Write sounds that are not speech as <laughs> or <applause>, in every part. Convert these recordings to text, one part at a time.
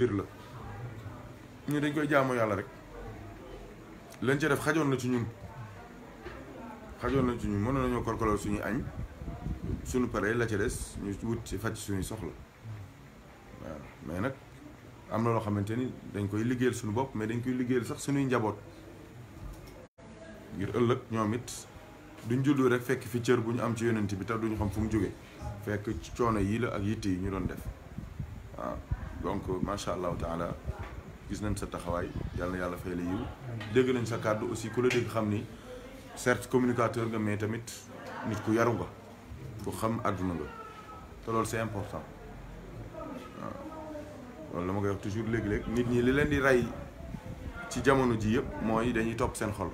biir la ñu dañ koy jaamu yàlla rek lañ ca def xajoon na ci ñun xajoon na ci ñun mënoon nañoo korkolal suñu añ sunu paree la ca des ñu wut ci faj suñuy soxla waaw mais nag am na loo xamante ni dañ koy liggéeyal suñu bopp mais dañ koy liggéeyal sax suñuy njaboot ngir ëllëg ñoom it duñ juddu rek fekk fi cër bu ñu am ci yonent bi tax duñu xam fu mu jóge fekk coono yii la ak yitte yi ñu doon def waaw donc ma sha Allah taala gis nañ sa taxaway yàlla yàlla fay la yiw dégg nañ sa kàddu aussi ku la deug xamni ni certes communicateur nga mais tamit nit ku yaru nga ku xam aduna nga te lol c'est important waaw lama koy wax toujours leg leg nit ñi li leen di ray ci jamono ji yeb moy dañuy top sen xol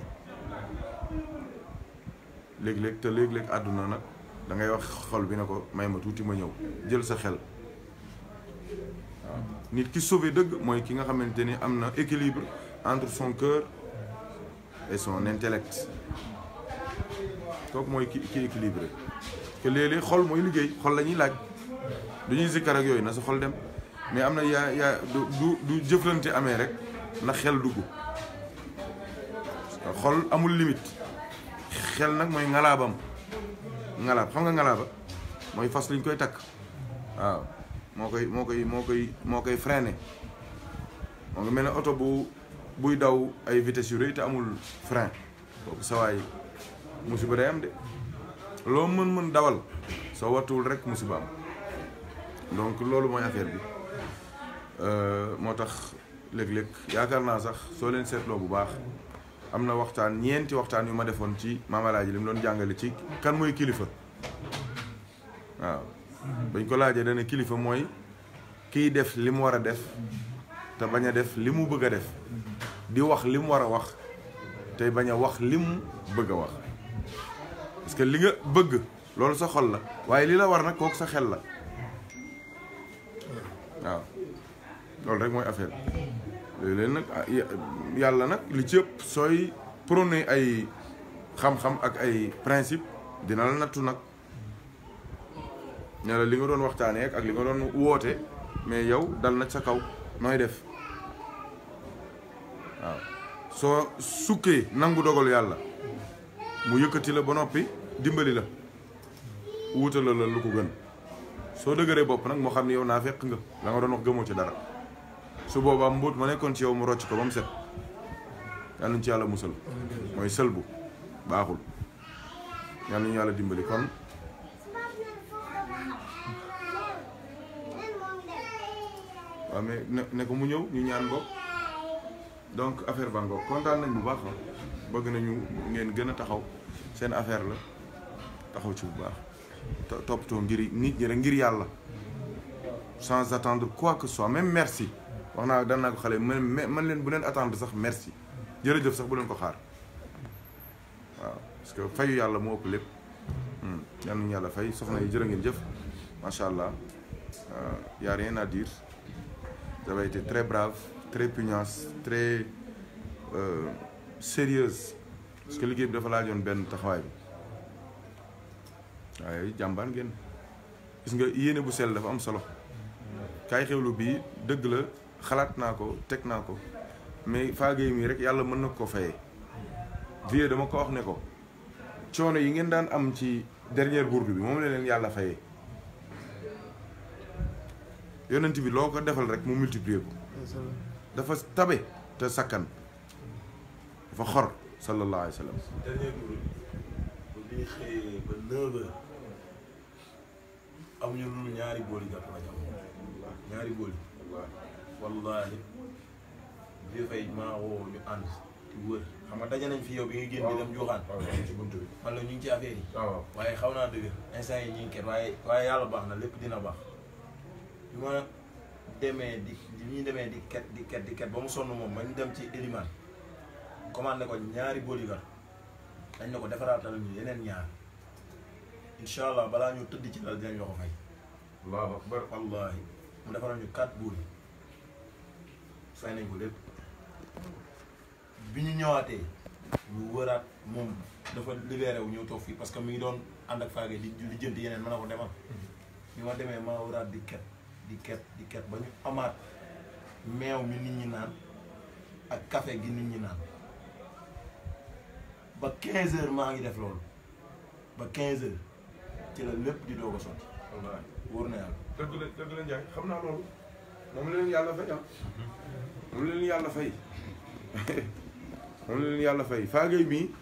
leg leg te leg leg aduna nak da ngay wax xol bi nako ko may ma tuuti ma ñëw jël sa xel nit ki sauvé deug moy ki nga xamanteni amna équilibre entre son cœur et son intellect tok moy ki ki équilibré que léeg xol moy liggéey xol la ñuy laaj du zikkar ak yoy na sa xol dem mais amna ya ya du du jëflante amee rek na xel duggu xol amul limite xel nak moy ngalabam ngalab xam nga ngalaaba moy fas liñ koy tak waaw moo koy moo koy moo koy moo koy freiné moo ngi mel ne oto bu buy daw ay vitesse yu rëy te amul frein kooku sawaay musiba day am de loo mën mën dawal soo rek musiba am donc loolu mooy affaire bi euh, moo tax léeg-léeg yaakaar naa sax soo leen seetloo bu baax am na waxtaan ñeenti waxtaan yu ma defoon ci Maam Alaaji li doon jàngale ci kan mooy kilifa waaw bañ ko laajee dana kilifa moy ki def limu wara def te baña def limu bëgg def di wax wah. wara wax tey baña wax limu bëgg a wax parce que li nga bëgg loolu sa xol la waye li la war nak kok sa xel la waaw loolu rek moy affaire léeg ah, ya, li ci ay xam-xam ak ay principe dina la nak ne la li nga doon waxtaanee ak li nga doon woote mais yow dal na sa kaw nooy def soo sukkee nangu dogal yàlla mu yëkkati la ba noppi dimbali la wuutala la lu ko gën soo dëgëree bopp nag moo xam ne yow naa fekk nga la nga doon wax gëmoo ci dara su boobaa mbóot ma nekkoon si yow mu rocc ko ba mu set yal nañu ci yàlla musal mooy sëlbu baaxul yal nañu yàlla dimbali kon mais ne ko mu ñëw ñu ñaan bopp donc affaire ba ngoog kontaan nañ bu baax a ah. bëgg nañu ngeen gën a taxaw seen affaire la taxaw ci bu baax toppatoo ngir nit ñi rek ngir yàlla sans attendre quoi que soit même merci wax naa daan naa ko xale man leen bu leen attendre sax merci jërëjëf sax bu leen ko xaar waaw parce que fayu yàlla moo ëpp lépp hmm, yal nañu yàlla fay soxna yi jërë ngeen jëf macha allah euh, y a rien avait été très brave, très pugnace, très euh, sérieuse. parce que liggéey bi dafa laajoon benn taxawaay bi waaye jàmbaar ngeen gis nga yéene bu sell dafa am solo kaay xewlu bii dëgg la xalaat naa ko teg naa ko mais faagee mii rek yàlla mën na ko fayee. vie dama ko wax ne ko coono yi ngeen daan am ci dernière bourde bi moom la leen yàlla fayee. yonent bi loo ko defal rek mu multiplier ko dafa tabe te sakkan dafa xor sallallahu amuñu lu ñaari booli jàpp la ñaari booli wallahi bi fay maa woo ñu ànd di wër xam nga daje nañ fi yow bi ñu ngi ci affaire waaye xaw naa dëgër instant yi ñu waaye waaye yàlla baax na lépp dina baax bi ma demee di bi ñu demee di ket di ket di ket ba mu sonn moom ma ñu dem ci Elimane commandé ko ñaari bodyguard dañ ne ko defaraatal ñu yeneen ñaar incha allah balaa ñu tëdd ci lal dinañ la ko fay. allahu akbar wallahi mu defaral ñu quatre booli fay nañ ko lépp bi ñu ñëwaatee ñu wëraat moom dafa libéré wu ñëw toog fii parce que mu ngi doon ànd ak faage di di jënd yeneen mën a ko demal mhm. bi ma demee maa wëraat di ket. di ket di ket ba ñu amaat meew mi nit ñi naan ak kafe gi nit ñi naan ba 15 heures maa ngi def loolu ba 15 heures ci la lépp di doog a sotti. wallaahi na yàlla. dëgg la dëgg la Ndiaye xam naa loolu moom la leen yàlla fay ah. la leen yàlla fay moom la leen mii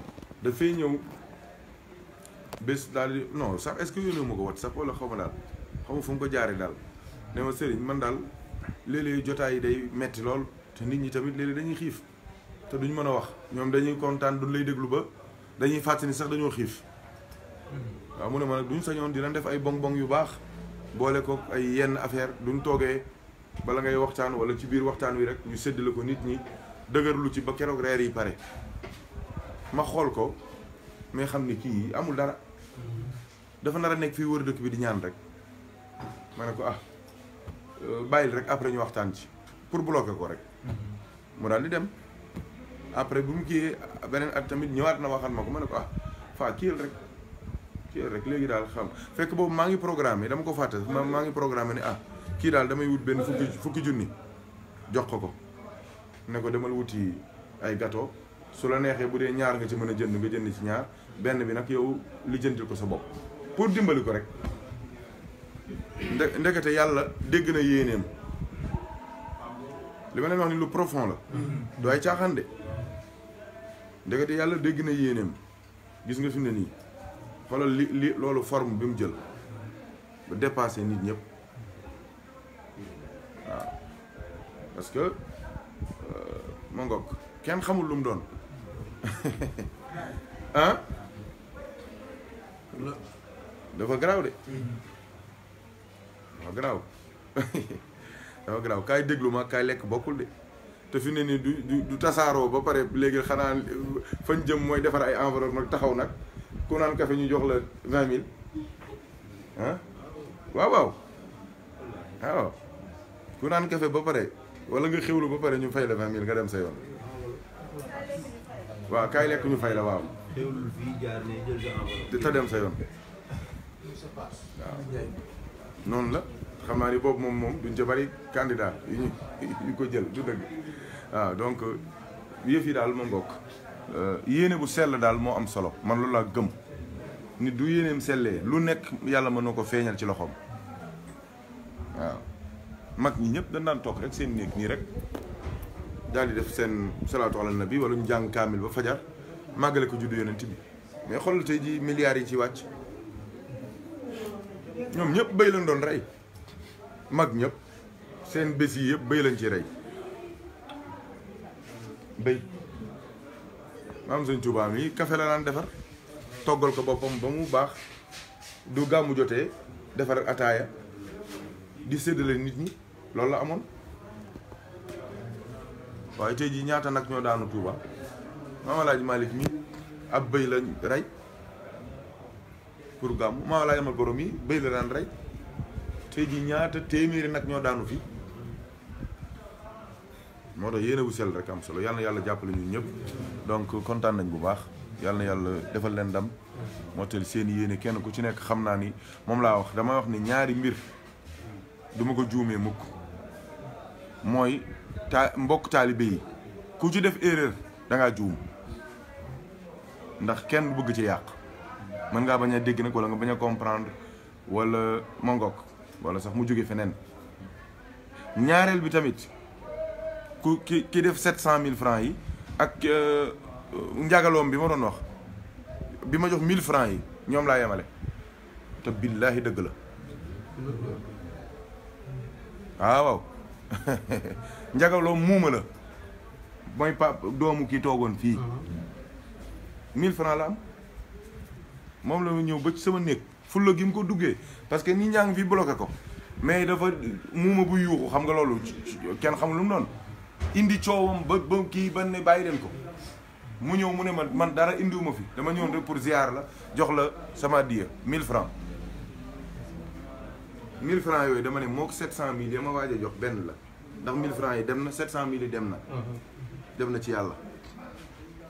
dafay ñëw bés daal di non sax est-ce ma ko WhatsApp wala xaw ma daal xaw ma mu ko jaaree daal. ne ma mandal, man dal lele jotay yi day metti lol te nit ñi tamit lele dañuy xif te duñ mëna wax ñom dañuy contane duñ lay déglu ba dañuy fatini sax dañoo xif wa mu ne ma nag duñ sañoon lan def ay bong bong yu bax boole ko ay yenn affaire duñ toogee bala ngay waxtaan wala ci biir waxtaan wi rek ñu seddel ko nit ñi dëgërlu ci ba kérok rër yi pare ma xol ko mais xamni ki amul dara dafa nara nek fi wër dëkk bi di ñaan rek mané ko ah Euh, bàyyil rek après ñu waxtaan ci pour bloquer ko rek. Mm-hmm. mu daal di dem après bu mu kiiyee beneen at tamit ñëwaat na waxal ma ko ma ne ko ah faa kii rek kiyal rek léegi daal xam fekk boobu maa ngi programme dama ko fàtte ma maa ngi programme ni ah kii daal damay wut benn fukki fukki junni jox ko ko ne ko demal wuti ay gato su la neexee bu dee ñaar nga ci mën a jënd nga jënd ci ñaar benn bi nag yow li lijjantil ko sa bopp pour dimbali ko rek. ndekete yàlla dégg na yéeneem li ma leen wax ni lu profond la du ay caaxaan de ndekete yàlla dégg na yéeneem gis nga si ne nii xoolal li li loolu forme bi mu jël ba dépassé nit ñëpp waaw parce que euh, ma kenn xamul lu doon ah <laughs> dafa garaaw de mm-hmm. dafa garaaw dafa <laughs> garaaw kaay déglu ma kaay lekk bokkul de te fi ne nii du du tasaaroo ba pare léegi xanaa euh, fañ jëm mooy defar ay enveloppe nag taxaw nag ku naan café ñu jox la vingt mille ah waaw waaw waaw ku naan kafe ba pare wala nga xewlu ba pare ñu fay la vingt mille nga dem sa yoon waaw kaay lekk ñu fay la waaw. xewlu fii dem sa yoon noonu la. xam naa ni boobu moom moom duñ ca bëri candidat yu ñu yu ko jël du dëgg waaw donc yëf yi daal ma mbokk euh, yéene bu sell daal moo am solo man loolu laa gëm nit du yéeneem sellee lu nekk yàlla mën na ko feeñal ci loxoom waaw mag ñi ñëpp dañ daan toog rek seen néeg nii rek daal di def seen salaatu na nabi wala ñu jàng kaamil ba fajar màggale ko juddu yonent bi mais xoolal tey ji milliar yi ci wàcc ñoom ñëpp béy lañ doon rey mag ñep seen bés yi yëpp béy lañ ci rey béy maam sëñ Tuubaa mi kafe la nan défar togal ko bopam ba mu bax du joté défar ak ataya di séddale nit ñi loolu la amon way tay ji ñaata nak ñoo daanu Touba Maam laaj malik mi ab bëy lañ rey pour gamu Maam laaj Amal Borom mi bëy la nan rey tey jii ñaata téeméeri nag ñoo daanu fi moo tax yéene bu sell rek am solo yàlla yàlla jàppale ñun ñëpp donc kontaan nañ bu baax yàlla yàlla defal leen dam moo tax seen yéene kenn ku ci nekk xam naa ni moom laa wax damay wax ni ñaari mbir duma ko juumee mukk mooy ta mbokk taalibe yi ku ci def erreur dangaa ngaa juum ndax kenn bugg ci yàq mën ngaa bañ a dégg nag wala nga bañ a comprendre wala ma wala sax mu jóge feneen ñaareel bi tamit ku ki ki def sept cent mille francs yi ak euh, njagaloom bi ma doon wax bi ma jox mille francs yi ñoom laa yemale te billaahi dëgg la ah, waaw waaw <laughs> njagaloom muuma la mooy pa doomu ki toogoon fii uh-huh. mille francs la am moom la ñëw ba ci sama néeg fulla gi mu ko duggee parce que ñi ñaa ngi fi bloqué ko mais dafa muuma bu yuuxu xam nga loolu kenn xamul lu mu doon indi coowam ba ba kii ba ne bàyyi leen ko mu ñëw mu ne ma man dara indiwuma fi dama ñëw rek pour ziar la jox la sama diya 1000 francs 1000 yooyu dama ne moo ko 700000 yi ma waaj a jox benn la ndax 1000 francs yi dem na 700000 yi dem na. dem na ci yàlla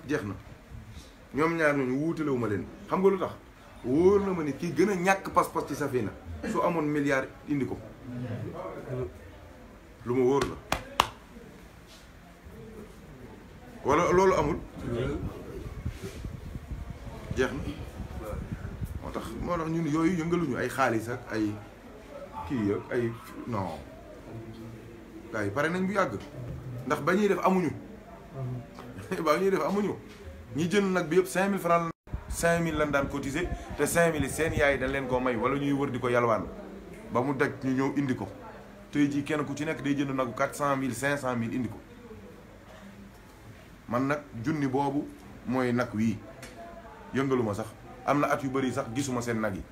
jeex na ñoom ñaar ñooñu wuutale wu ma leen xam nga lu tax. wóor na ma ni kii gën a ñàkk pas-pas ci safina su amoon milliard indi ko lu ma wóor la wala loolu amul jeex na moo tax moo tax ñun yooyu yëngaluñu ay xaalis ak ay kii ak ay non gars pare nañ bu yàgg ndax ba ñuy def amuñu <laughs> ba ñuy def amuñu ñi jënd nag bi yëpp cinq mille francs cinq mille lan daan cotiser te 5000 seen yaay dañ leen koo may wala ñuy wër di ko yalwaan ba mu daj ñu ñëw indi ko tey jii kenn ku ci nekk day jënd nagu 400000 500000 indi ko man nag junni boobu mooy nag wii yëngaluma sax am na at yu bari sax gisuma seen nag yi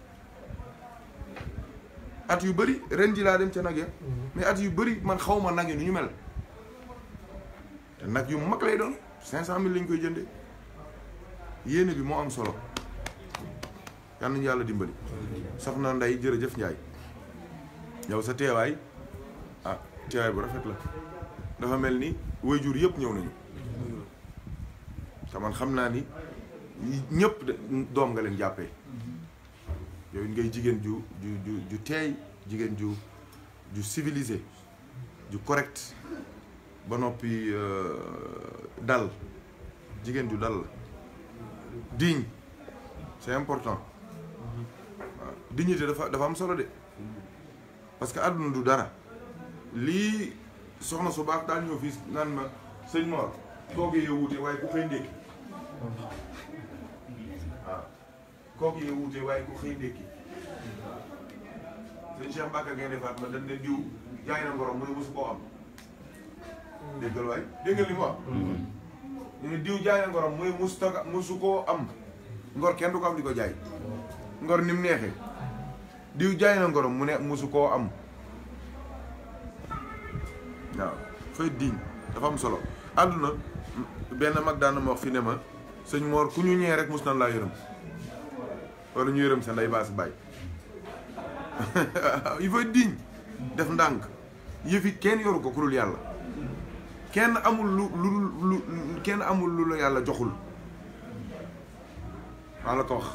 at yu bëri ren ji laa dem ca nag ya mm-hmm. mais at yu bëri man xawma nag yi nu ñu mel te nag yu mag lay doon 500000 lañ koy jëndee. yéene bi moo am solo yal nañu yàlla dimbali soxna Ndeye jërëjëf Ndiaye yow sa teewaay ah teewaay bu rafet la dafa mel ni jur yëpp ñëw nañu te xam naa ni ñëpp doom nga leen jàppee yow ngay jigéen ju ju ju ju teey jigéen ju ju civilisé ju correct ba noppi euh, dal jigéen ju dal la. digne c'est important waaw dignité dafa dafa am solo de parce que àdduna du dara lii soxna su baax daal ñëw fii naan ma sëñ Mor toogee yow wute waaye ku xëy ndékki waaw kooku yow wute waaye ku xëy ndékki sëñ Cheikh Mbacke Gaynde Fatma dañ ne diw jaay na ngorom mu ne mosu koo am mm. déggal ñu diw jaay ngor moy mustaka musuko am ngor kenn du ko am diko jaay ngor nim neexee diw jaay na ngor mu ne musuko am na fay diñ dafa am solo aduna ben mag daana mo fi neema señ mor ku ñu ñee rek musna la laa wala ñu yërëm sa nday baas bay <laughs> il faut diñ def ndank yëfi kenn yoru ko ku yalla kenn amul lu lu lu kenn amul lu la yàlla joxul maa la ko wax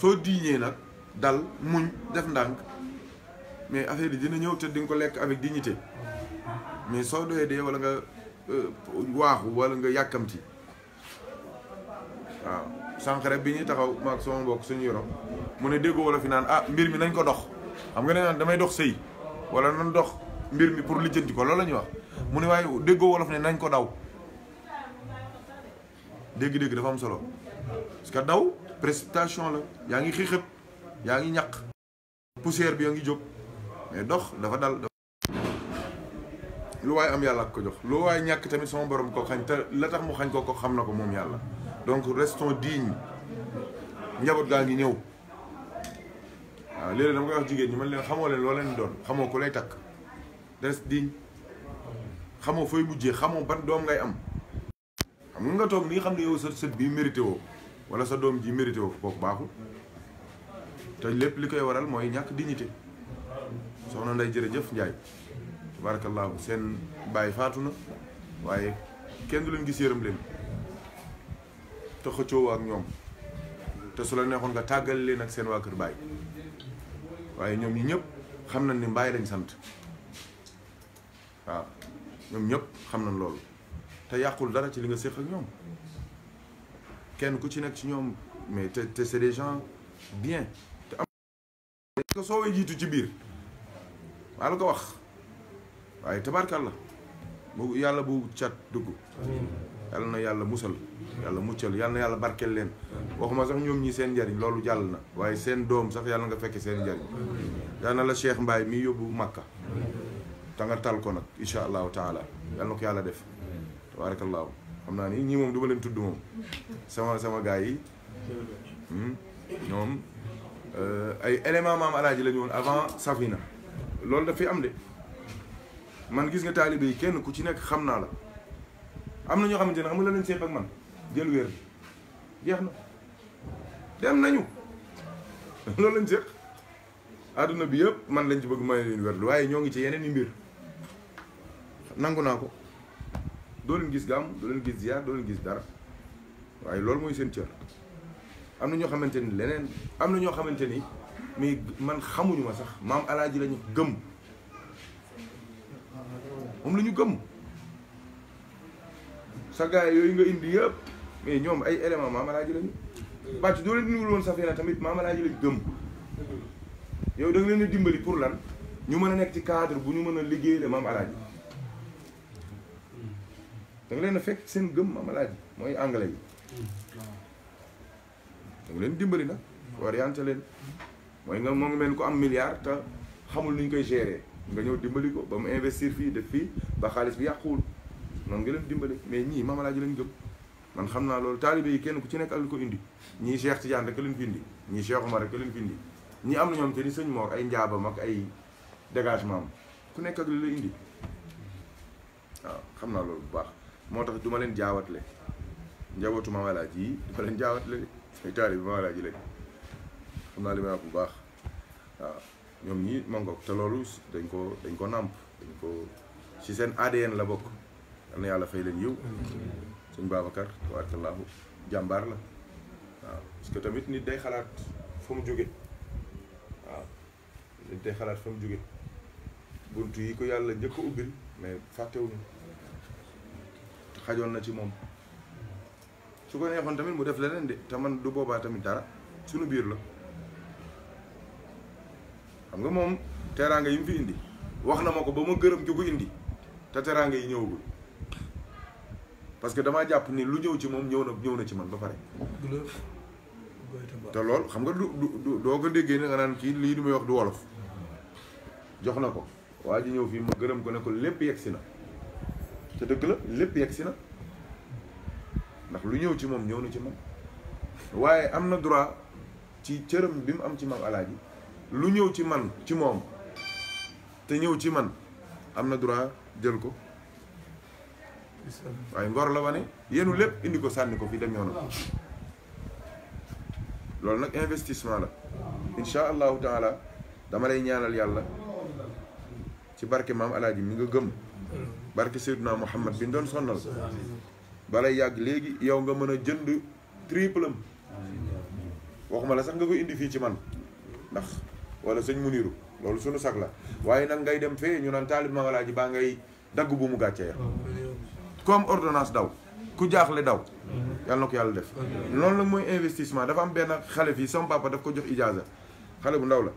soo diiñee nag dal muñ def ndànk mais affaire yi dina ñëw te di nga ko lekk avec dignité mais soo doyee dee wala nga euh, waaxu walla nga yàkkamti waaw sànq bi ñuy taxaw maag sama mbokk suñu Europe mu ne déggoo wala fi naan ah mbir mi nañ ko dox xam nga ne naan damay dox sëy wala nan dox mbir mi pour lijjanti ko loolu la wax mu ne waaye déggoo wolof ne nañ ko daw dégg-dégg dafa am solo parce que daw précipitation la yaa ngi xiixëb yaa ngi ñaq poussière bi yaa ngi jóg mais dox dafa dal lu waaye am yàlla ak ko jox lu waaye ñàkk tamit sama borom ko xañ te la tax mu xañ ko ko xam na ko moom yàlla donc restons dignes njaboot gaa ngi ñëw waaw léeg-léeg dama koy wax jigéen ñi man leen xamoo leen loo leen doon xamoo ko lay takk des digne xamoo fooy mujjee xamoo ban doom ngay am xam nga toog nii xam ne yow sa sët bii mérité woo wala sa doom ji mérité woo kooku baaxul te lépp li koy waral mooy ñàkk dignité soxna nday jërëjëf Njaay tabaarakallaahu seen baay faatu na waaye kenn du leen gis yërëm leen te xëccoo ak ñoom te su la neexoon nga tàggale leen ak seen waa kër baay waaye ñoom ñi ñëpp xam na ni mbaay lañ sant waaw ñoom ñëpp xam na loolu te yàqul dara ci li nga séq ak ñoom kenn ku ci nekk ci ñoom mais te te c'est des gens bien te am ko soowee jiitu ci biir maa la ko wax waaye la bu yàlla bu cat dugg yàlla na yàlla musal yàlla muccal yàlla yàlla barkeel leen waxuma sax ñoom ñi seen njariñ loolu jàll na waaye seen doom sax yàlla nga fekke seen njariñ yàlla na la Cheikh Mbaye mi yóbbu Makka tàngal tal ko nag incha allahu taala yal na ko yàlla def tabaarakallaahu xam naa ni ñii moom du ma leen tudd moom sama sama gars yi hmm, ñoom euh, ay élément maam alaaji la woon avant Safina loolu daf am de man gis nga taalibe yi kenn ku ci nekk xam naa la am na ñoo xamante ne xam nga la leen seet ak jël wér jeex na dem nañu <laughs> loolu lañ seet àdduna bi yëpp man lañ ci bëgg may leen wér waaye ñoo ngi ci yeneen i mbir nangu naa ko doo leen gis gam do len gis ziar do len gis dara way lol moy sen cër amna ño xamanteni lenen amna ño xamanteni mi man xamuñu ma sax mam alaaji lañu gëm moom lañu ñu gëm sa gaay yoy nga indi yeb mais ñom ay element mam alaaji lañu bàcc doo leen dimbali woon safina tamit mam alaaji lañu gëm yow da nga leen dimbali pour lan ñu mëna nek ci cadre bu ñu mëna liggéey le mam alaaji da leen a fekk seen gëm maladie mooy anglais yi da leen dimbali nag orienté leen mooy nga moo ngi mel ko am milliard te xamul nu koy gérer nga ñëw dimbali ko ba mu investir fii def fii ba xaalis bi yàquwul noonu nga leen dimbali mais ñii mamalaaj lañ gëm man xam naa loolu taalibe yi kenn ku ci nekk ak lu ko indi ñii Cheikh Tidiane rek leen fi indi ñii Cheikh Omar rek leen fi indi ñii am na ñoom te ni sëñ Mor ay njaabam ak ay dégagement ku nekk ak xam naa loolu baax motax duma len ma le njabotuma wala ji duma len du le ay taalibe Maam Alaaji lañ xam naa li ma bu baax waaw ñoom ñi ngok te lolu dañ ko dañ ko namp dañ ko ci sen ADN la bok am na yàlla fay leen yiw sëñ Babacar tabarakallahu jambar la parce que tamit nit day xalat fu mu joge waaw nit day xalat fu mu joge buntu yi ko yalla njëkk ubil mais mais fàttewuñu xajoon na ci moom su ko neexoon tamit mu def leneen de te man du boobaa tamit dara suñu biir la xam nga moom teraanga yi mu fi indi wax na ma ko ba ma gërëm ki ko indi te teraanga yi ñëwagul parce que damaa jàpp ni lu ñëw ci moom ñëw na ñëw na ci man ba pare. te lool xam nga du du doo ko déggee ne nga naan kii lii du muy wax du wolof jox na ko waa ji ñëw fii mu gërëm ko ne ko lépp yegg si na. te dëkk la lépp yegg si na ndax lu ñëw ci moom ñëw na ci man waaye am na droit ci cëram bi mu am ci maam alaaji lu ñëw ci man ci moom te ñëw ci man am na droit jël ko waaye ngor la wane yenu lépp indi ko sànni ko fi dem yoonam loolu nag investissement la incha allahu taala dama lay ñaanal yàlla ci barke maam yi mi nga gëm barke Seydina Muhammad bi ñu doon sonnal balay yàgg léegi yow nga mën a jënd triple am waxuma la sax nga ko indi fii ci man ndax wala sëñ Muniru loolu sunu sag la waaye nag ngay dem fee ñu naan taalib ma walaa ji baa ngay dagg bu mu gàccee comme ordonnance daw ku jaaxle daw yàlla na ko yàlla def loolu nag mooy investissement dafa am benn xale fii sama papa daf ko jox ijaaza xale bu ndaw la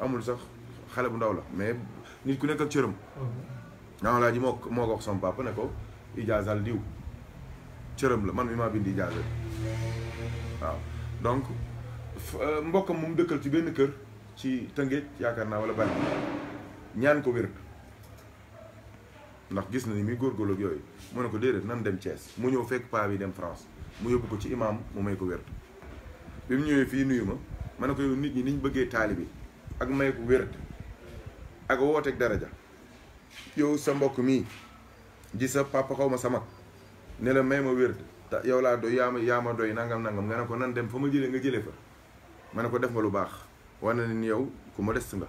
amul sax xale bu ndaw la mais nit ku nekk ak cëram ñaaw laa ji moo moo ko wax sama ne ko ijaasal diw cëram la man mi maa bind ijaasa waaw donc euh, mbokkam mu dëkkal ci benn kër ci Tëngéej yaakaar naa wala bari ñaan ko wér ndax gis na ni muy góorgóorlu ak yooyu mu ne ko déedéet nan dem Thiès mu ñëw fekk paa bi dem France mu yóbbu ko ci imaam mu may ko wér bi mu ñëwee fii nuyu ma mën na ko yow nit ñi niñ bëggee taali bi ak may ko wér ak wooteeg daraja yow sa mbokk mii di sa papa xaw ma sama ne la may ma wér yow laa doy yaa ma yaa ma doy nangam nangam nga ne ko nan dem fa ma jëlee nga jëlee fa ma ne ko def nga lu baax wane ne ni yow ku ma des nga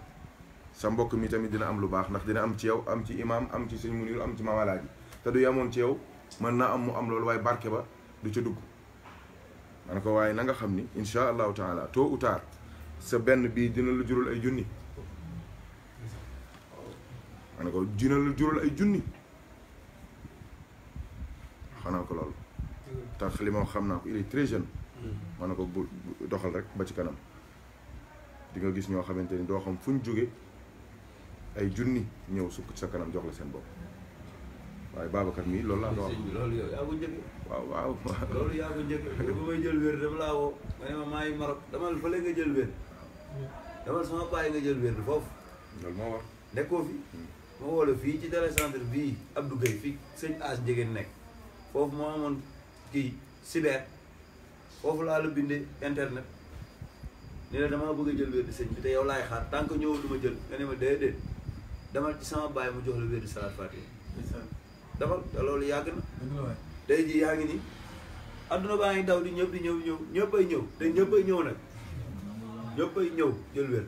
sa mbokk mi tamit dina am lu baax ndax dina am ci yow am ci imam am ci sëñ Munir am ci mamalaaji te du yamoon ci yow mën naa am mu am loolu waaye barke ba du ca dugg ma ne ko waaye na nga xam ni incha allahu taala tôt ou tard sa benn bii dina la jural ay junni ma ne ko dina la jural ay junni xanaa ko loolu tax li xam naa ko il est très jeune hmm. ko bu doxal rek ba ci kanam di gis ñoo xamante ni doo xam fu ñu jóge ay junni ñëw sukk sa kanam jox la seen bopp waaye Babacar mii loolu laa ko wax loolu yow yaa ko njëkk waaw waaw loolu yaa ko njëkk ba may jël wér dafa laa woo ma ma maa ngi Maroc damal fële nga jël wér damal sama bàyyi nga jël wér foofu loolu moo war nekkoo fi hmm. ma woo la fii ci télécentre bii Abdou Gueye fii sëñ As Njegen nekk foofu moo amoon kii cyber foofu laa la bindee internet ni la damaa bëgg a jël wér di sëñ bi te yow laay xaar tant que ñëwul du ma jël nga ne ma déedéet demal ci sama baay mu jox la wér di salaat Fatiha. damal te loolu yàgg na. day ji yaa ngi ni adduna baa ngi daw di ñëpp di ñëw ñëw ñëppay ñëw te ñëppay ñëw nag ñëppay ñëw jël wér.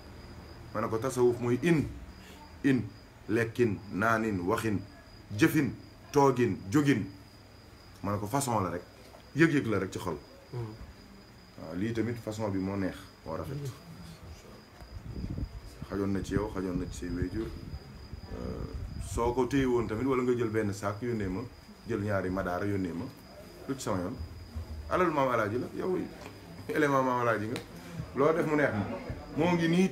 ma ne ko tasawuf mooy in in lekkin naanin waxin jëfin toogin jógin ma ko façon la rek yëg-yëg la rek ci xol hmm. lii tamit façon bi moo neex moo rafet xajoon na ci yow xajoon na ci say wéyjur euh, soo ko téye woon tamit wala nga jël benn saak yónnee ma jël ñaari madaara yónnee ma lu sama yoon alal maam alaaji la yow élément maam alaaji nga loo def mu neex ma moo ngi nii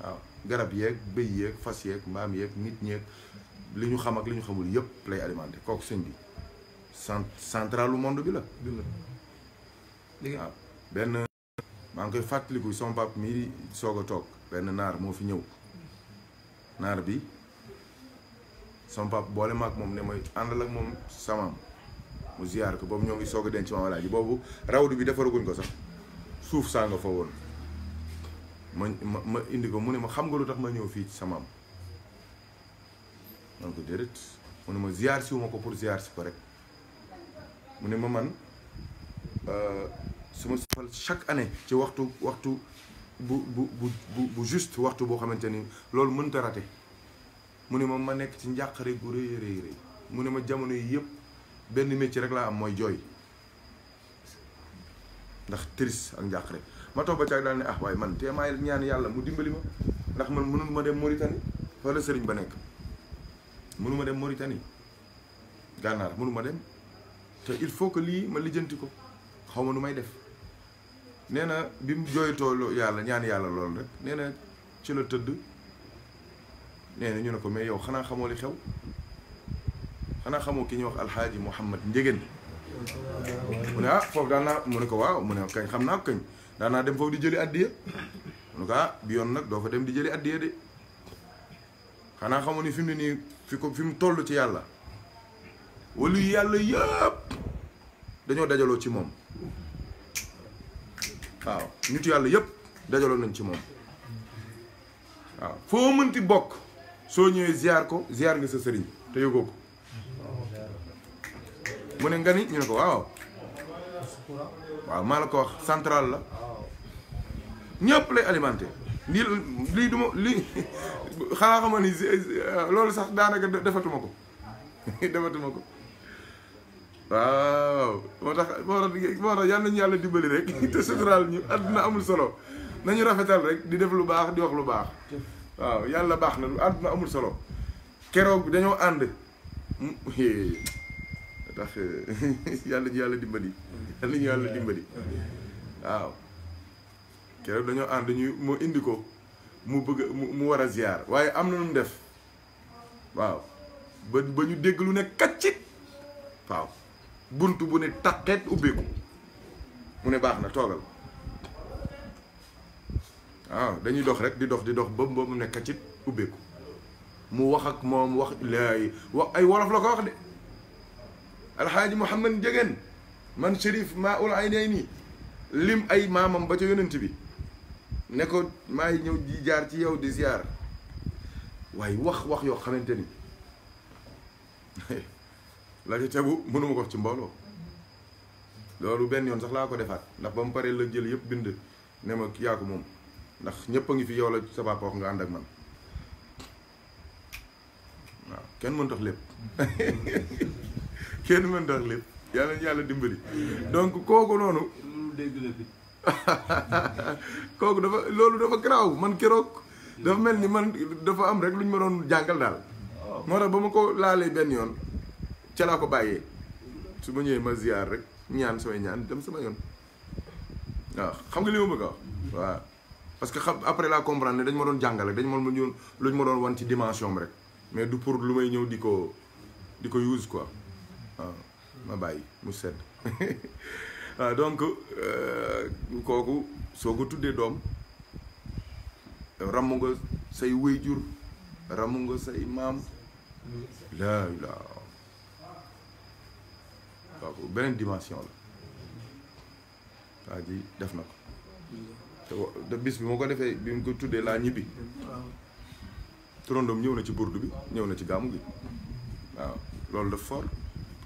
waaw garab yeeg bëy yeeg fas yeeg mbaam yeeg nit ñeeg li ñu xam ak li ñu xamul yëpp lay alimenté kooku bi cent centralu monde bi la. waaw benn. maa ngi koy fàttaliku sama pap mi soog a toog benn naar moo fi ñëw naar bi sama pap boole maag moom ne mooy àndal ak moom samaam mu ziar ko boobu ñoo ngi soog a denc maam alaaji boobu rawdu bi defaraguñ ko sax suuf saa nga fa woon. ma ma indi ko mu ne ma xam nga lu tax ma ñëw fii ci samaam man ko déedéet mu ne ma ziar si ko pour ziar si ko rek mu ne ma man euh, su ma safal chaque année ci waxtu waxtu bu bu bu bu juste waxtu boo xamante ni loolu mënta rate mu ne ma ma nekk ci njàqare gu rëy rëy rëy mu ne ma jamono yi yëpp benn métier rek laa am mooy jooy ndax triste ak njàqare ma toog ba caag daal ne ah waaye man te maay ñaan yàlla mu dimbali ma ndax man mënu ma dem Mauritanie fa la sëriñ ba nekk mënu ma dem Mauritanie gànnaar mënu ma dem te il faut que lii ma lijjanti ko xaw ma nu may def nee na bi mu jooytoo yàlla ñaan yàlla loolu rek nee na ci la tëdd nee na ñu ne ko mais yow xanaa xamoo li xew xanaa xamoo ki ñuy wax alxaaji Mouhamad Njegen mu ne ah foofu daal naa mu ne ko waaw mu ne kañ xam naa kañ. na dem fofu di jeli addiya en tout bi yon nak do fa dem di jeli addiya de xanaa fim ni fi ko fim tollu ci yalla wolu yalla yeb dañu dajalo ci mom waaw nitu yalla yeb dajalo nañ ci mom waaw fo meunti bok so ñewé ziar ko ziar nga sa serigne te yego ko mune nga ni ñu ko waaw waaw maa la ko wax central la ñëpp lay alimenté lii lii du ma lii <laughs> xanaa xama ni loolu sax daanaka defatuma ko <laughs> defatuma ko waaw moo tax moo tax moo tax yal nañu yàlla dimbali rek <laughs> te suturaal ñu àdduna amul solo nañu rafetal rek di def lu baax di wax lu baax waaw yàlla baax na àdduna amul solo keroog dañoo ànd ndax <laughs> yàlla ñu yàlla dimbali. yàlla ñu yàlla dimbali. waaw keroog dañoo ànd ñu moo indi ko mu bëgg mu war a ziar waaye am na nu mu def waaw ba ba ñu dégg lu ne kaccit waaw bunt bu ne taqeet ubbeeku mu ne baax na toogal waaw dañuy dox rek di dox di dox ba mu ne kaccit ubbeeku mu wax ak moom wax laay wax ay wolof la ko wax de. alxaaji Mouhamad Ndiéguène man Chérif maa ay aynayni lim ay maamam ba ca yonent bi ne maa ngi ñëw di jaar ci yow di ziar waaye wax wax yoo xamante ni <laughs> la ca tegu mënuma ko ci mbooloo loolu benn yoon sax laa ko defaat ndax ba mu paree la jël yépp bind ne yaa ko moom ndax ñëpp a ngi fi yow la sa papa wax nga ànd ak man waaw kenn mën tax lépp <laughs> kenn mën ndax lépp yàlla yàlla dimbali donc kooku noonu. <laughs> kooku dafa loolu dafa garaaw man keroog. dafa mel ni man dafa am rek lu ñu ma doon jàngal daal. moo tax ma ko laalee benn yoon ca laa ko bàyyee su ma ñëwee ma ziar rek ñaan samay ñaan dem sama yoon waaw xam nga li ma bëgg a parce que xam après la comprendre ne dañ ma doon jàngal rek dañ ma doon lu ñu ma doon wan ci dimension bi rek mais du pour lu may ñëw di ko di ko use quoi. waaw ah, ma bàyyi mu sedd waaw <laughs> ah, donc euh, kooku soo ko tuddee doom ramm nga say wéyjur ramm nga say maam laa laa kooku beneen dimension la waa ji def na ko te bis bi moo ko defee bi mu ko tuddee laa ñibbi turandoom ñëw na ci burdu bi ñëw na ci gàmmu gi waaw loolu daf fort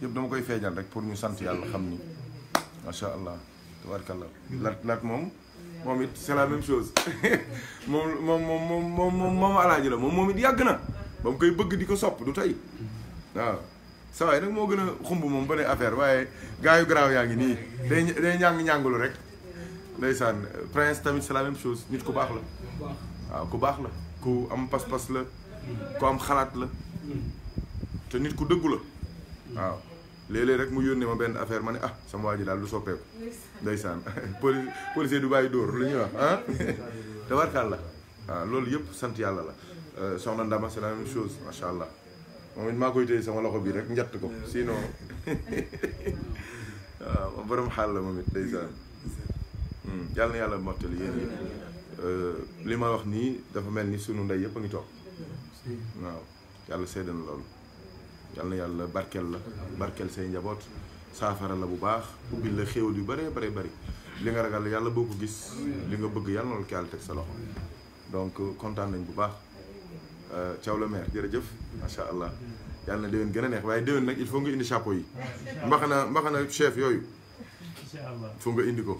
yeb dama koy fédjal rek pour ñu sant yalla xam ni sha allah tabarkallah lat lat mom, momit c'est la même chose <laughs> mom, mom mom mom mom mom alaaji la mom momit yag na bam koy bëgg di ko sopp du tay waaw sa way nak mo gëna xumbu mom bané affaire waye gaay yu graw yaangi ni day day rek ndaysan prince tamit c'est la même chose nit ku bax la waaw ku bax la ku am pas pass la ku am xalaat la te nit ku deggu la waaw léeg-léeg rek mu yónnee ma benn affaire ma ne ah sama waa ji daal lu soppeeku. ndeysaan <laughs> poli policier du bàyyi dóor lu ñuy wax ah. <laughs> tabarkaal la waaw ah, loolu yëpp sant yàlla la. Euh, soxna Ndama c'est la même chose macha allah moom it maa koy téye sama loxo bii rek njatt ko sinon <laughs> waaw borom xaal la moom it ndeysaan. Hmm, yàlla yàlla mottali yéen euh, li ma wax nii dafa mel ni sunu ndey yëpp a ngi toog waaw yàlla seede loolu. yal na yàlla barkeel la barkeel say njaboot saafara la bu baax ubbil la xéewal yu bëree bëri bari li nga ragal yàlla boo ko gis li nga bëgg yàlla loolu ki yàlla teg sa loxo donc kontaan nañ bu baax Thiaw euh, jërëjëf macha allah yàlla na déwén gën a neex waaye déwén nag il faut nga indi chapeau yi mbaxana mbaxana chef yooyu faut nga indi ko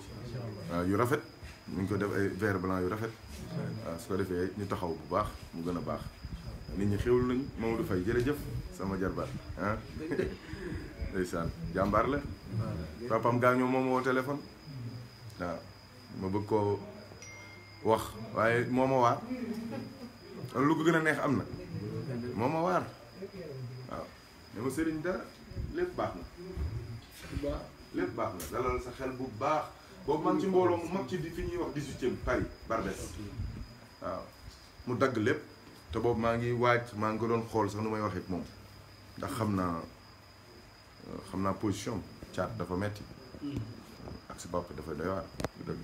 ah, yu rafet mu ngi ko def ay vert blanc yu rafet waaw ah, su defee ñu taxaw bu baax mu gën a baax nit ñi xéwlu nañ Mamadou Faye jërëjëf sama jarbaat ah <laughs> ndeysaan jàmbaar la papam gaañoo moom woo téléphone waaw ma bëgg koo wax waaye moo ma waar lu ko gën a neex am na moo ma waar waaw dama sëriñ dara lépp baax na lépp baax na dalal sa xel bu baax boobu man ci mbooloo mu mag ci di fi ñuy wax dix-huitième Paris Barbès waaw mu dagg lépp te boobu maa ngi waaj maa ngi ko doon xool sax nu may waxee ak moom ndax xam naa xam naa position caat dafa metti mm-hmm. ak si bopp dafa doy waar dëgg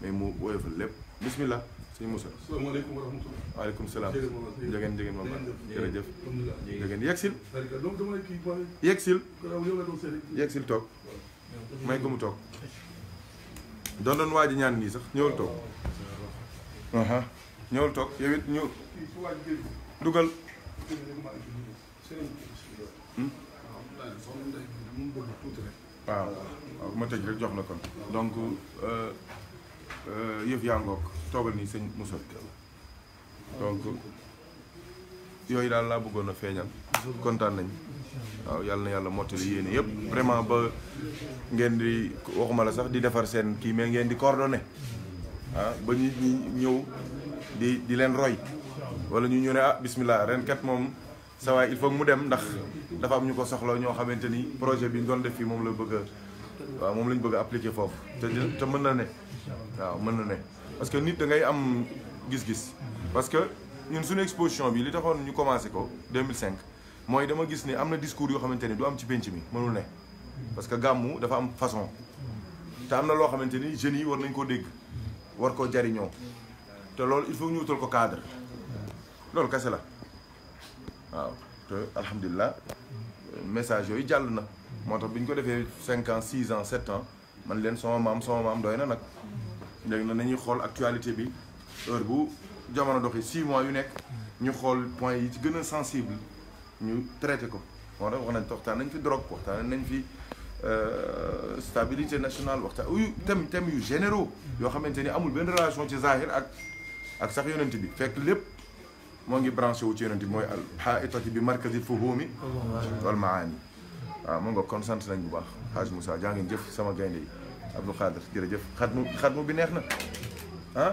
mais mu woyofal lépp bismillah sëñ Moussa salaamaaleykum wa rahmatulah waaleykum salaam jegeen jegeen ma a jërëjëf jegeen yegsil yegsil yegsil toog may ko mu toog doon doon waa ji ñaan nii sax ñëwal toog ñëwal toog yow it ñëw dugal. waaw waaw ma tëj rek jox la kon donc euh, euh, yëf yaa ngoog toogal nii sëñ Moussa donc yooyu daal laa bëggoon a feeñal kontaan nañ waaw yàlla na yàlla mottali yéene yëpp vraiment ba ngeen di waxuma la sax di defar seen kii mais ngeen di coordonné ah ba nit ñëw di di leen roy wala ñu ñu ne ah bismillah ren kat moom sa il faut mu dem ndax dafa am ñu ko soxla ñoo xamante ni projet bi ñu doon def fii moom la bëgg waaw moom lañu ñu bëgg appliquer foofu te te mën na ne waaw mën na ne parce que nit da ngay am gis-gis parce que ñun suñu exposition bi li taxoon ñu commencé ko 2005 mooy dama gis ni am na discours yoo xamante ni du am ci penc mi mënul ne parce que gàmmu dafa am façon te am na loo xamante ni jeunes yi war nañ koo dégg war koo jariñoo te loolu il faut ñu ko cadre le ce la waaw te message yooyu jàll na 5 ans 6 ans 7 ans man len sama sama doyna nak On na actualité bi heure bu jamono six mois yu nek ñu xol point yi ci sensible ñu traité ko a wax nañ nañ fi drogue nañ fi euh, stabilité nationale waxta thème thème yu généraux yo xamanteni amul relation ci zahir ak ak sax bi moo ngi branché wu ci yonent bi mooy al xaitati bi markazil fuhumi wal maani waaw ah, mu nga kon sant nañ bu baax xaaj Moussa jaa ngeen sama gaynde yi Abdou Khadir jërëjëf xatmu Khatmu bi neex na ah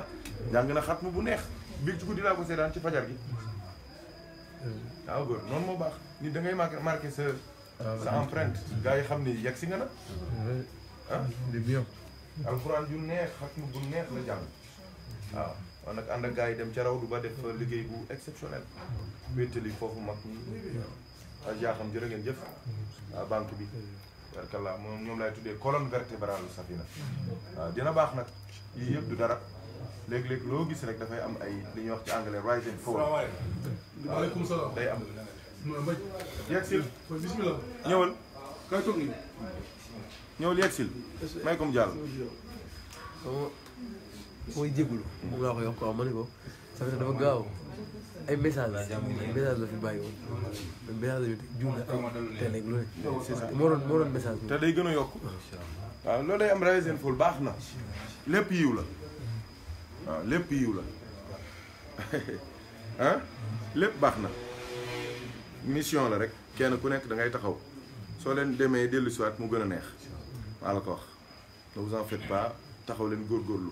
jàng na xatmu bu neex biig ci guddi laa ko seetaan ci fajar gi waaw góor noonu moo baax nit da ngay marqué marqué sa sa empreinte gars yi xam ni yegg si nga na ah alquran ju neex xatmu bu neex la jàng man nag ànd ak gars yi dem ca rawdu ba def liggéey bu exceptionnel wéttali foofu mag ñi ak yaa xam ngeen jëf mm-hmm. ah, banque bi barkalla moom ñoom laay tuddee colonne vertébrale safina waaw mm-hmm. ah, dina baax nag yi yëpp du dara léeg-léeg loo gis rek dafay am ay li ñuy wax ci anglais rise and fall waaleykum salaam am yegsil bismillah ñëwal kay toog ni ñëwal yegsil may comme jàll mooy jégalu. moom laa ko yokk waaw ma ne ko. ça dafa gaaw ay message la fi bàyyi woon message la te na ay nekk lu ne. moo doon message te day gën a yokk. waaw loolu day am Raisin fool baax na lépp yiw la waaw lépp yiw la ah <laughs> lépp baax na mission la rek kenn ku nekk dangay taxaw soo leen demee dellu siwaat mu gën a neex maa la ko wax ne vous en faites taxaw leen góor góorlu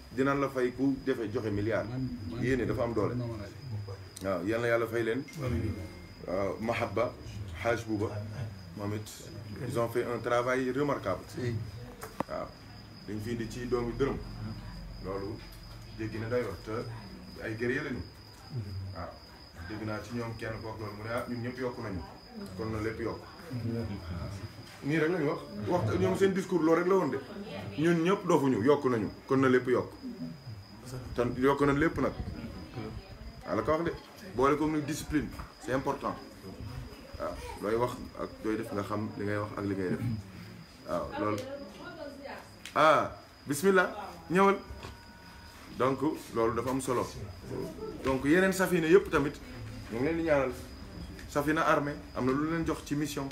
dinañ la fay ku defe joxe milliard yéene dafa am doole waaw yal na yàlla fay leen waaw Mahabba Haj Bouba moom it ils ont fait un travail remarquable waaw dañ fi indi ci doomu dërëm loolu jéggi na doy wax te ay guerrier lañu waaw dégg naa ci ñoom kenn kook loolu mu ne ah ñun ñëpp yokk nañu kon lépp yokk nii rek lañu wax waxta ñoom seen discours loolu rek la woon de ñun ñëpp dofuñu yokk nañu kon na lépp yokk te yokk na lépp nag waaw wax boole ko ni discipline important looy wax ak looy def nga xam li ngay wax ak li ngay def waaw loolu ah bismillah ñëwal donc loolu dafa am solo donc yeneen safina yëpp tamit ñu leen di ñaanal safina armée am na lu leen jox ci mission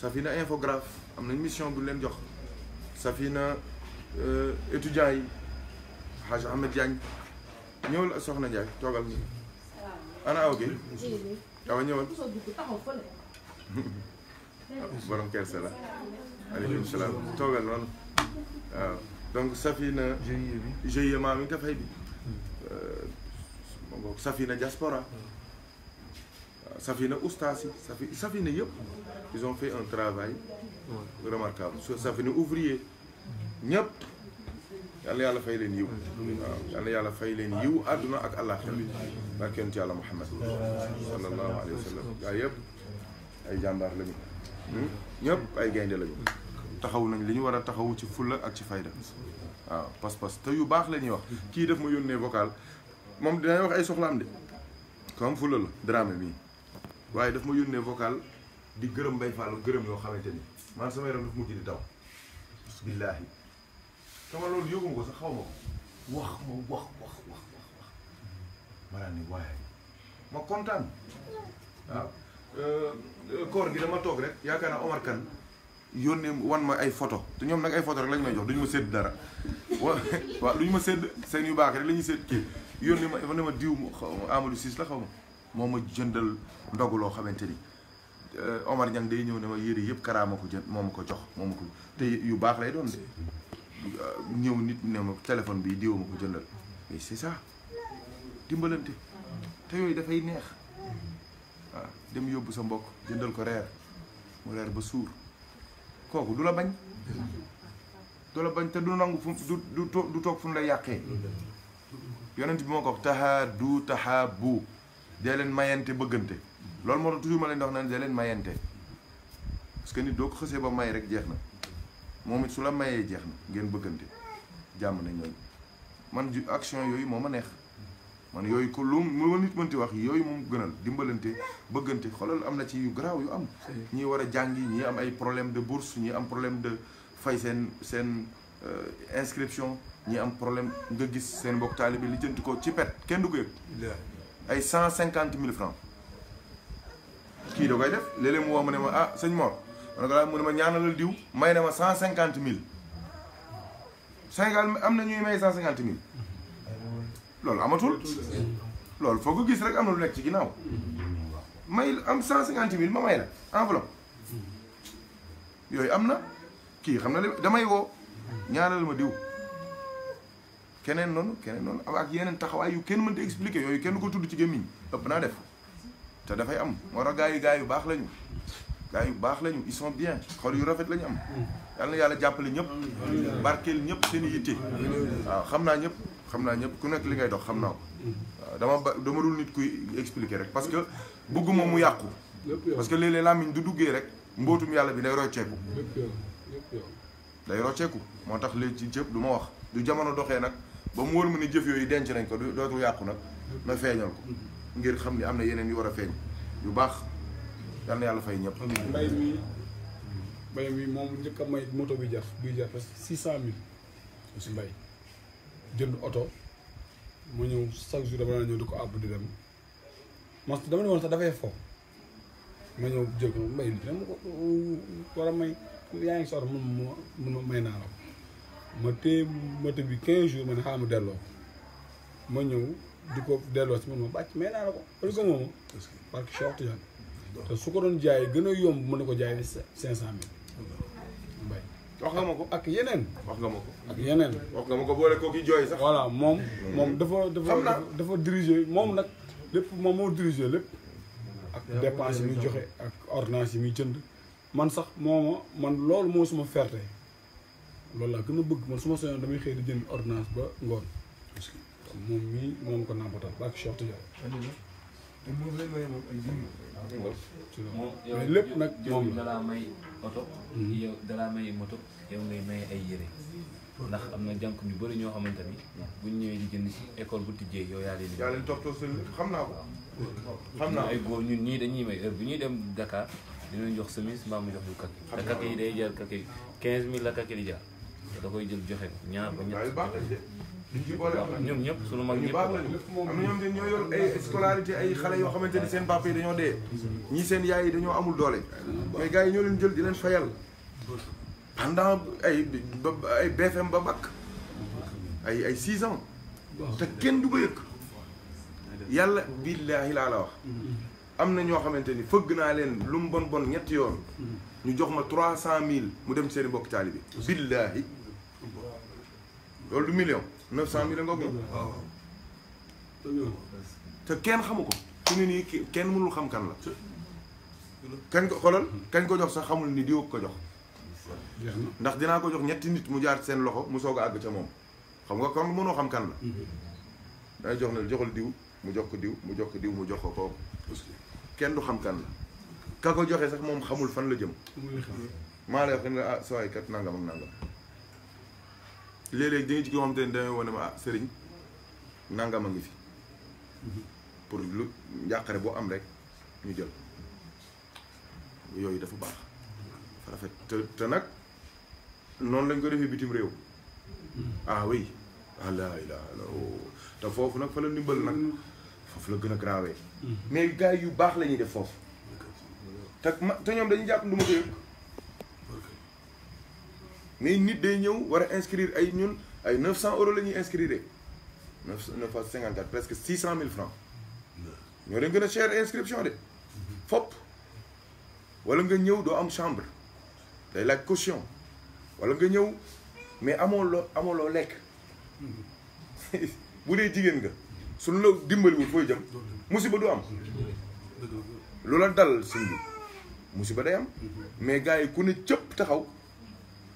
ça fii na infographe am nañ mission bu leen jox ça fii na étudiants yi Hadj Ahmed Diagne ñëwal soxna Ndiaye toogal ñu ana aw gi awa ñëwal borom kerse la aleykum salaam toogal noonu waaw donc Safina GIE bi GIE maam yi nga fay bi safina diaspora Safina Oustasi, Safina Yop, ils ont fait un travail remarquable. Safina Ouvrier, ñëpp yàlla yàlla fay leen yiw waaw yàlla yàlla fay leen yiw àdduna ak Allah. ndax kenn ci yàlla Muhammad sallallahu alayhi wa sallam gaa yëpp ay jàmbaar lañu hmm? ñëpp ay gaynde lañu taxaw nañ li ñu war a ci fulla ak ci fayda waaw pas-pas te yu bax la ñuy wax ki def ma yónnee vocal mom dinañ wax ay soxlam de comme am fulla la drame bi waaye daf ma yónnee vocal di gërëm bay fàllu gërëm yoo xamante ni man sama yaram daf mujj di daw billaahi sama loolu yëguma ko sax xaw ma ko wax ma wax wax wax wax ma kontaan waaw euh, euh, koor gi dama toog rek yaakaar naa Omar Kane yónnee wan ma ay foto te ñoom nag ay photo rek lañ may jox duñu ma sédd dara wa waaw duñu ma sédd seen yu baax rek la ñuy sédd kii yónnee ma ne ma diw Amadou Ciss la xaw ma moom ma jëndal ndogu loo xamante ni euh, Omar Niang day ñëw ne ma yére yëpp karaa ko jënd moom ma ko jox moom ma ko te yu baax lay doon de euh, ñëw nit ne ma téléphone bi diw ko jëndal mais c'est yooyu dafay neex dem yóbbu sa mbokk jëndal ko reer mu reer ba suur kooku du la bañ du la bañ te du nangu fu du toog fu mu lay yàqee yonent bi moo ko wax du taxaa bu dee leen mayante bëggante loolu moo tax ma leen dox naan dee leen mayante parce que nit doo ko xësee ba may rek jeex na moom it su la mayee jeex na ngeen bëggante jàmm nañ loolu man ju action yooyu moo ma neex man yooyu ko lu ma nit mënti wax yooyu moom gënal dimbalante bëggante xoolal am na ci yu garaaw yu am ñii war a jàng yi ñii am ay problème de bourse ñii am problème de fay seen seen euh, inscription ñii am problème nga gis seen mbokk taalibe li jënt ko ci pet kenn ay cent cinquante mille francs kii da koy def léeg-léeg mu wax ma ne ma ah sëñ Mor ma ne ah, mu ne ma ñaanalal diw may na ma cent cinquante mille Sénégal am na ñuy may cinquante mille loolu amatul loolu foo ko gis rek am na lu nekk ci ginnaaw may am cent cinquante mille ma may la enveloppe yooyu am na kii xam na damay woo ñaanal ma diw keneen noonu keneen noonu ak yeneen taxawaay yu kenn mënta expliquer yooyu kenn ko tudd ci gémmiñ ëpp naa def te dafay am moo tax gars yi gars yu baax lañu gars yu baax lañu ils bien xol yu rafet lañu am yàlla na yàlla jàppale ñëpp barkeel ñëpp seen i yitte waaw xam naa ñëpp xam naa ñëpp ku nekk li ngay dox xam naa ko dama ba dama dul nit kuy expliquer rek parce que bëgguma mu yàqu parce que léeg-léeg làmmiñ du duggee rek mbootum yàlla bi day rocceeku day rocceeku moo tax léegi ci jëpp du ma wax du jamono doxee nag ba mu wóor mu ni jëf yooyu denc nañ ko dootu yàqu nag na feeñal ko ngir xam ni am na yeneen yi war a feeñ yu baax yàlla fay ñëpp mbay mi mbay mi moom njëkk a moto bi jar buy jar parce que six cent si mbay oto mu ñëw chaque jour dama daan ñëw di ko dem mas dama ne ma ñëw ko mbay li war a may yaa ngi soor mun ma may naa la ma téye moto bi 15 jours ma ne xaaral ma delloo ma ñëw di ko delloo si man ma bàcc may naa la ko. parce que moom parce que su ko doon jaayee gën a yomb mën ne ko jaay cinq cent mille. mbay wax nga ma ko ak yeneen. wax nga ma ko ak yeneen. wax nga ma ko boole kooku jooy sax. voilà moom. Mm. moom dafa dafa dafa dirigé moom nag lépp moom moo dirigé lépp. ak dépense yi muy joxe ak ordonnance yi muy jënd man sax moo man loolu moo suma ferte. loolu laa gën a bëgg man suma ma soñoon damay xëy di jënd ordonnance ba ngoon. moom mii moom ko nàmpatal baax si waxtu mais lépp nag moom la dalaa may oto. Mhm. yow dalaa moto yow ngay may ay yére. ndax am na jànk ñu bari ñoo xamante ni buñ ñëwee di jënd si ecole bu tijjee yow yaa leen. yaa leen toppatoo seen xam naa ko. xam na ay góor ñun ñii dañuy may heure bu ñuy dem Dakar dinañ jox semis mbaa mu jox ñu kak. xam naa te kak yi day jar kak yi 15000 la kak yi di jar. da koy jël joxe ko ñaar ba ñett duñ ci boole am ñoom ñëpp sunu mag ñëpp baax nañ am ñoom ñoo yor ay scolarité ay xale yoo xamante ni seen papa yi dañoo dee ñii seen yaay yi dañoo amul doole mais gars yi ñoo leen jël di leen fayal pendant ay ay BFM ba bac ay ay six ans te kenn du ko yëg yàlla billaahi laa la wax am na ñoo xamante ni fëgg naa leen lu mu bon bon ñetti yoon ñu jox ma trois cent mille mu dem seen i mbokk taali bi billaahi loolu du million neuf cent mille ngoog waaw te kenn xamu ko su kenn mënul xam kan la kañ ko xoolal kañ ko jox sax xamul ni diw ko jox ndax dinaa ko jox ñetti nit mu jaar seen loxo mu soog a àgg ca moom xam nga kon mënoo xam kan la mm-hmm. jox ne joxal diw mu jox ko diw mu jox ko diw mu jox ko kooku kenn du xam kan la ka ko joxe sax moom xamul fan la jëm maa lay wax ne ah soo ay kat nangam ak nangam léeg-léeg dañuy ci koo te ne damay wane ma ah sëriñ nangam a ngi fi pour lu njàqare boo am rek ñu jël yooyu dafa baax dafa rafet te te nag noonu lañ ko defee bitim réew ah oui alaa ah, ilaaha oh. te foofu nag fa la ndimbal nag foofu la gën a graawee mm-hmm. mais gars yu baax la ñuy def foofu te ma ñoom dañuy jàpp lu ma ko mais nit day ñëw wara inscrire ay ñun 900 euros la inscrire 954 presque 600 000 francs ñoo leen gëna cher inscription de fop wala nga am chambre day la caution wala nga mais vous <laughs> vous bu dé jigen nga suñu la wu jëm musiba du am Vous dal suñu musiba day am mm-hmm. mais gaay ku ne cëpp taxaw.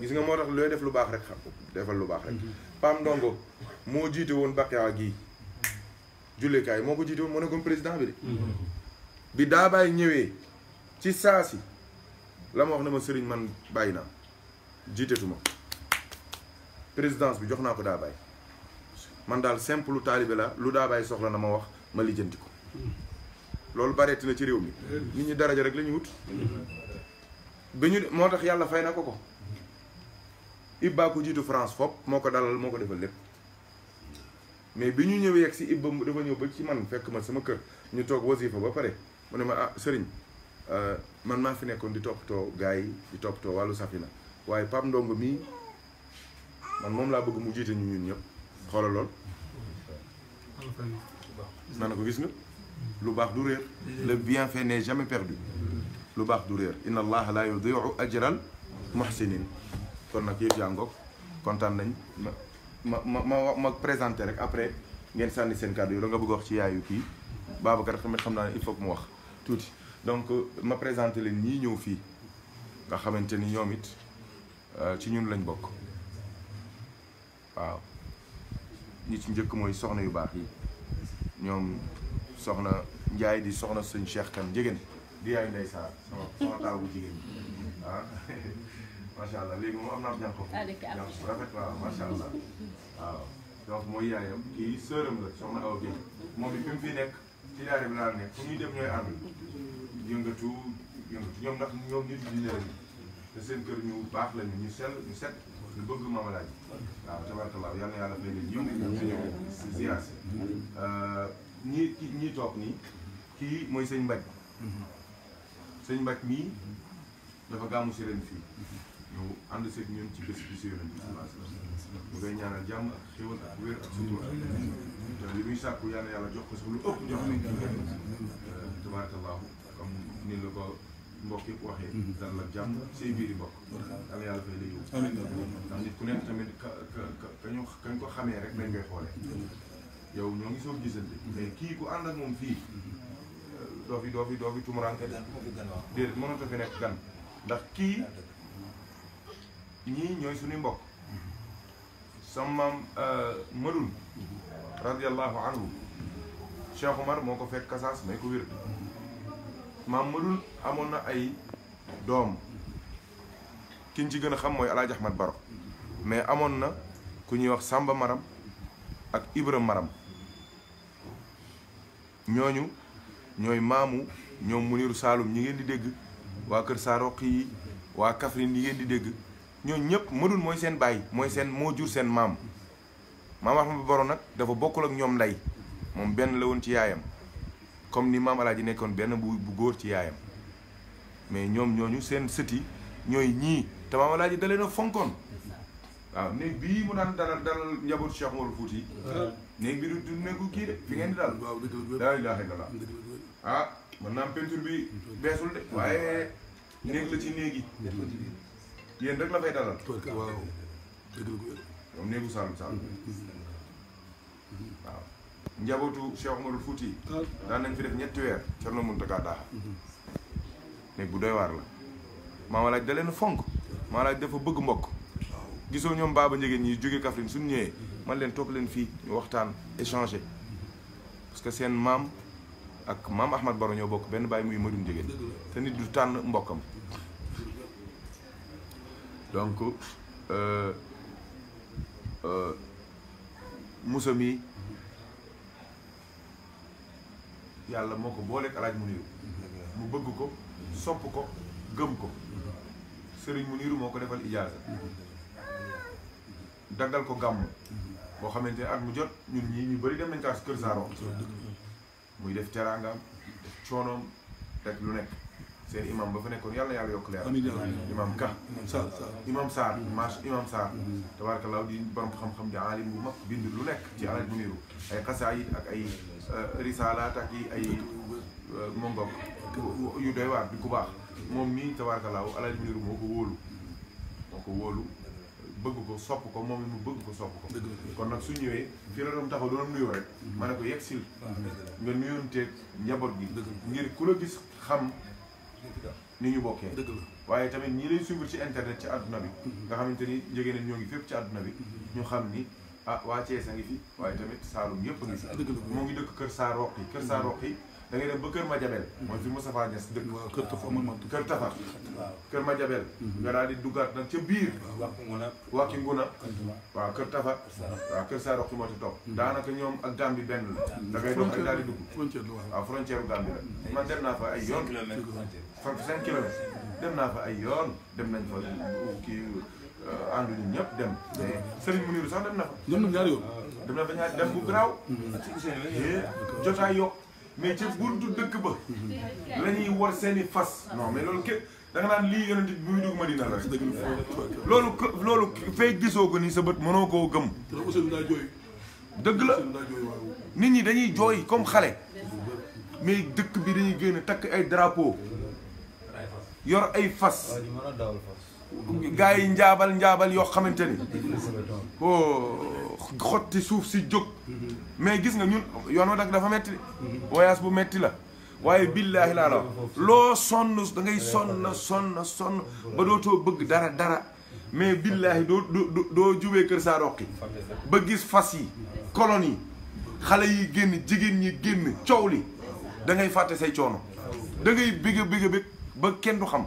gis nga moo tax looy def lu baax rek xam defal lu baax rek Pam Ndongo moo jiite woon Bakia gii jullikaay moo ko jiite woon moo nekkoon président bi bi daa bàyyi ñëwee ci saasi la ma wax ne ma sëriñ man bàyyi naa jiitetuma présidence bi jox naa ko daa bàyyi man daal simple lu taalibe la lu daa bàyyi soxla na ma wax ma lijjanti ko hmm. loolu bareeti na ci réew mi hmm. nit ñi daraja rek la wut motax yalla fayna Ibba France fop moko dalal moko defal lepp mais biñu ñëwé si Ibba dafa ñëw ba ci man fekk ma sama kër ñu tok wasifa ba paré mu ne ma ah euh, man ma fi nekkon di top to gaay di to walu safina waye Ndongo mi man mom la bëgg mu ñun lool. ko gis le bienfait n'est jamais perdu. lu baax du réer inna allaha la yudiu ajral muhsinin kon nag yëpp yaa ngoog kontaan nañ ma ma ma ma ma présenté rek après ngeen sànni seen kàddu yi la nga bëgg wax ci yaayu kii Babacar tamit xam naa ne il faut mu wax tuuti donc ma présenté leen ñii ñëw fii nga xamante ni ñoom it euh, ci ñun lañ bokk waaw ñu ci njëkk mooy soxna yu baax yi ñoom soxna Njaay di soxna suñ Cheikh Kane Njégéen di yaay Ndeye sama sama taaw bu jigéen ñi ah <laughs> léegi moom am naa jànku jànku rafet waaw macha allah waaw donc mooy yaayam kii sërëm la soxna Awa Guèye moom it fi mu nekk ci daara laa nekk fu ñuy dem ñooy ànd yëngatu yëngatu ñoom ndax ñoom nit ñi dina leen te seen kër ñu baax lañu ñu sell ñu set ñu bëgg Mama Laji waaw tabarakallah yal na yàlla fay leen ñëw nañu ñëw si ziyaar si euh, ñii ñii toog nii kii mooy sëñ Mbaj. Mhm. sëñ Mbacke mii mhm. dafa gàmmu si ren fii mhm. ñëw ànd seeg ñun ci bés ngay ah. ñaanal jàmm ak xéwal ak wér ak sutura ah. te li muy sàkku yàlla yàlla jox ko si lu ëpp jox nañ ci ah. euh, tabaarakallaahu comme ni la ko mbokk mhm. ku nekk tamit ka ka kañu kañ ko xamee rek lañ koy xoolee yow ñoo ngi soog gisante mais kii ku ànd ak moom fii doo fi doo fi doo fi tumuraanke déedéet mënatu fi nekk gan ndax kii ñii ñooy suñuy mbokk sama maam euh, madun radiallahu anhu Cheikh Omar moo ko fekk kasaas may ko wér maam madun amoon na ay doom kiñ ci gën a xam mooy alaaj Ahmad Baro mais amoon na ku ñuy wax Samba Maram ak Ibra Maram ñooñu ñoy Mamu, ñom muniru salum ñi ngeen di deg wa keur saaroq yi waa kafrin yi ngeen di deg ñoo ñep mëdul moy sen bay moy sen mo jur sen mam mam ahmad boro nak dafa bokul ak ñom lay mom ben la won ci yaayam comme ni mam aladi nekkon ben bu bu góor ci yaayam mais ñom ñoñu sen seuti ñoy ñi ta mam aladi dalena fonkon waaw ne bi mu daan dal dal njabot cheikh mourou fouti ne bi du du ki de fi ngeen dal daal ilaha illallah ah mën naa am bi beesul de waaye néeg la ci néeg yi yéen rek la fay dalal waaw moom néegu Saalum Saalum waaw njabootu Cheikh Omarul Fouti daan nañ fi def ñetti weer Cerno Muntaga daaxa néeg bu doy waar la laaj da leen fonk maamalaaj dafa bëgg mbokk gisoo ñoom baaba njegéen ñi jóge Kaffrine suñu ñëwee man leen toog leen fii ñu waxtaan échanger parce seen maam ak maam Ahmad Baro bokk benn bàyyi muy Madum Jigéen te nit du tànn mbokkam donc euh, euh, Moussa mi yàlla moo ko booleeg alaaj mu niiru mu bëgg ko sopp ko gëm ko sëriñ mu niiru moo ko defal ijaaza daggal ko gàmm boo xamante ne at mu jot ñun ñii ñu bari dem nañ kaas kër Saaro muy def teraangam def coonoom rek lu nekk seen imam ba fa nekkoon yàlla yàlla yokk leer imam ka imam Sarr marche imam Sarr tabarakallah di borom xam-xam di alim bu mag bind lu nekk ci alaj bu ay xasaayid ak ay risalaat ak ay mongok yu doy waar di ku baax moom nii tabarakallah alaj bu niru moo ko wóolu bëgg ko sopp ko moom it mu bëgg ko sopp ko kon nag su ñëwee fii la doon taxaw doon nuyoo rek mm-hmm. ma ne ko yegg sil ah, nga nuyoonteeg njaboot gi ngir ku la gis xam ni ñu bokkee waaye tamit ñi lay suivre ci internet ci àdduna bi mm-hmm. nga xamante ni jege neen ñoo ngi fépp ci àdduna bi mm-hmm. ñu xam ni ah waa Thiès a ngi fi waaye tamit Saalum yëpp a ngi fi moo ngi dëkk Kër Saa Roqi Kër Saa Roqi da ngay dem ba Kër Madiabel mm-hmm. mooy fi Moustapha Niass dëkk Kër Tafa Kër Tafa Kër Madiabel mm-hmm. nga daal di duggaat nag ca biir Wakki Nguna waaw Kër Tafa waaw Kër Saaro ximati topp mm-hmm. daanaka ñoom ak Gambie benn la da ngay dox ak daal di dugg waaw frontière u la man dem naa fa ay yoon cinq kilomètres dem naa fa ay yoon dem nañ fa kii euh, ànd ñu ñëpp dem Serigne Mouniru sax dem na fa dem na ñaari yoon dem na fa ñaari dem bu garaaw eh, jotaay yokk mais ci buntu dëkk ba la war seen fas non mais loolu képp da nga naan lii yonent bi muy dugg Madina la loolu loolu fay gisoo ko ni sa bët mënoo koo gëm dëgg la nit ñi dañuy jooy comme xale mais dëkk bi dañuy génn takk ay drapeau yor ay fas gaa yi njaabal njaabal yoo xamante ni oh xotti suuf si jóg mais gis nga ñun yoon wa dafa metti voyage bu metti la waaye billaahi laa la loo sonn da ngay sonn sonn sonn ba dootoo bëgg dara dara mais billaahi doo doo doo jubee kër saa roqi ba gis fas yi kolon yi xale yi génn jigéen ñi génn coow li da ngay fàtte say coono da ngay bigg bigg ba kenn du xam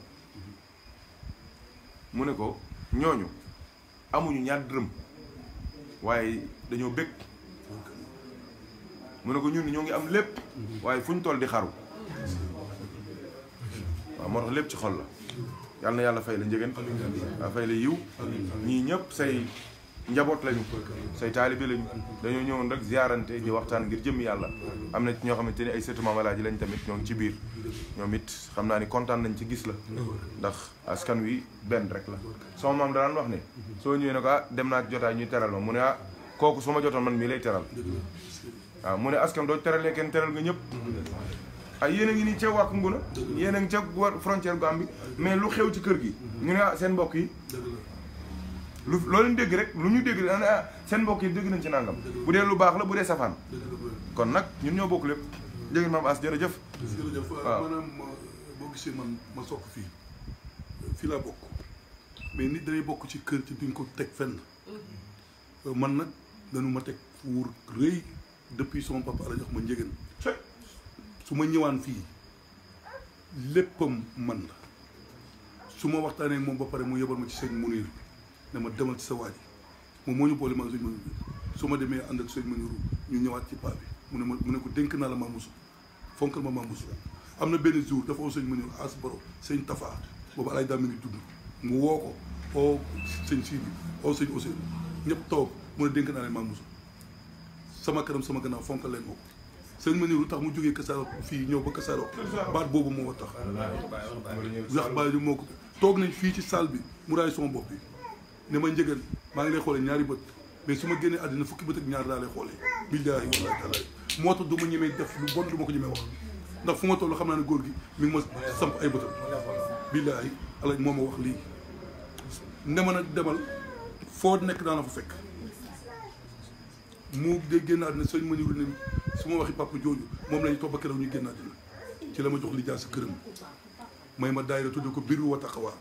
mu ne ko ñooñu amuñu ñaar dërëm waaye dañoo bëgg mu ne ko ñun ñoo ngi am lépp waaye fu ñu toll di xaru waaw moo tax lépp ci xol la yàlla na yàlla fay la njëgën fay la yiw ñii ñëpp say njaboot lañu say taalibe lañu dañoo ñëwoon rek ziarante di waxtaan ngir jëm yàlla am na ci ñoo xamante ni ay sëtu Maam Alaaji lañ tamit ñoo ngi ci biir ñoom it xam naa ni kontaan nañ ci gis la ndax askan wi benn rek la sama maam daan wax ne soo ñëwee ne ko ah dem naa jotaay ñu teral ma mu ne ah kooku su ma jotoon man mii lay teral waaw mu ne askan doo teralee kenn teral nga ñëpp ay yéen a ngi nii ca wàkk nguna yéen a ngi ca am bi mais lu xew ci kër gi ñu ne ah seen mbokk yi lu leen dégg rek lu ñu dégg dañ ah, ah seen mbokk yi dégg nañ ci nangam bu dee lu baax la bu dee safaan kon nag ñun ñoo bokk lépp dégg mam as jërëjëf jërëjëf maanaam boo gisee man ma sokk fii fii laa bokk mais nit day bokk ci kër ci duñ ko teg fenn mm-hmm. man nag dañu ma teg fuur rëy depuis sama papa la jox ma njëgën su ma ñëwaan fii léppam man la su ma waxtaanee moom ba pare mu yebal ma ci sëñ Munir ne ma demal ci sa waa ji moom moo ñu boole ma sëñ su ma demee ànd ak sëñ Maniour ñu ñawaat ci paa bi mu ne ma mu ne ko dénk naa la Mame Moussa fonkal ma Mame Moussa am na benn jour dafa oo sëñ Maniour as boro sëñ Tafa boobu alaaj daa mi ngi dund mu woo ko oo sëñ Sidi oo ñëpp toog mu ne dénk naa leen Mame Moussa sama kanam sama gannaaw fonkal leen ma ko sëñ tax mu jógee Kasaaro fii ñëw ba Kasaaro baat boobu moo tax ndax bàyyi moo ko toog nañ fii ci salle bi mu raay son bopp bi ne ma njëgan maa ngi lay xoolee ñaari bët mais su ma génnee àddina fukki bët ak ñaar daa lay xoolee billaahi wallaahi taala moo tax du ma ñemee def lu bon du ma ko ñemee wax ndax fu ma toll xam naa ne góor gi mu ngi ma samp ay bëtam billaahi alaj moo ma wax lii ne ma nag demal foo nekk daana fa fekk mu de génn àddina sëñ ma ñëwul ne su ma waxi papa jooju moom lañu topp ba keroog ñu génn àddina ci la ma jox li jaar sa këram may ma daayira tudde ko biru wa taqwa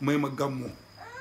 may ma gàmmoo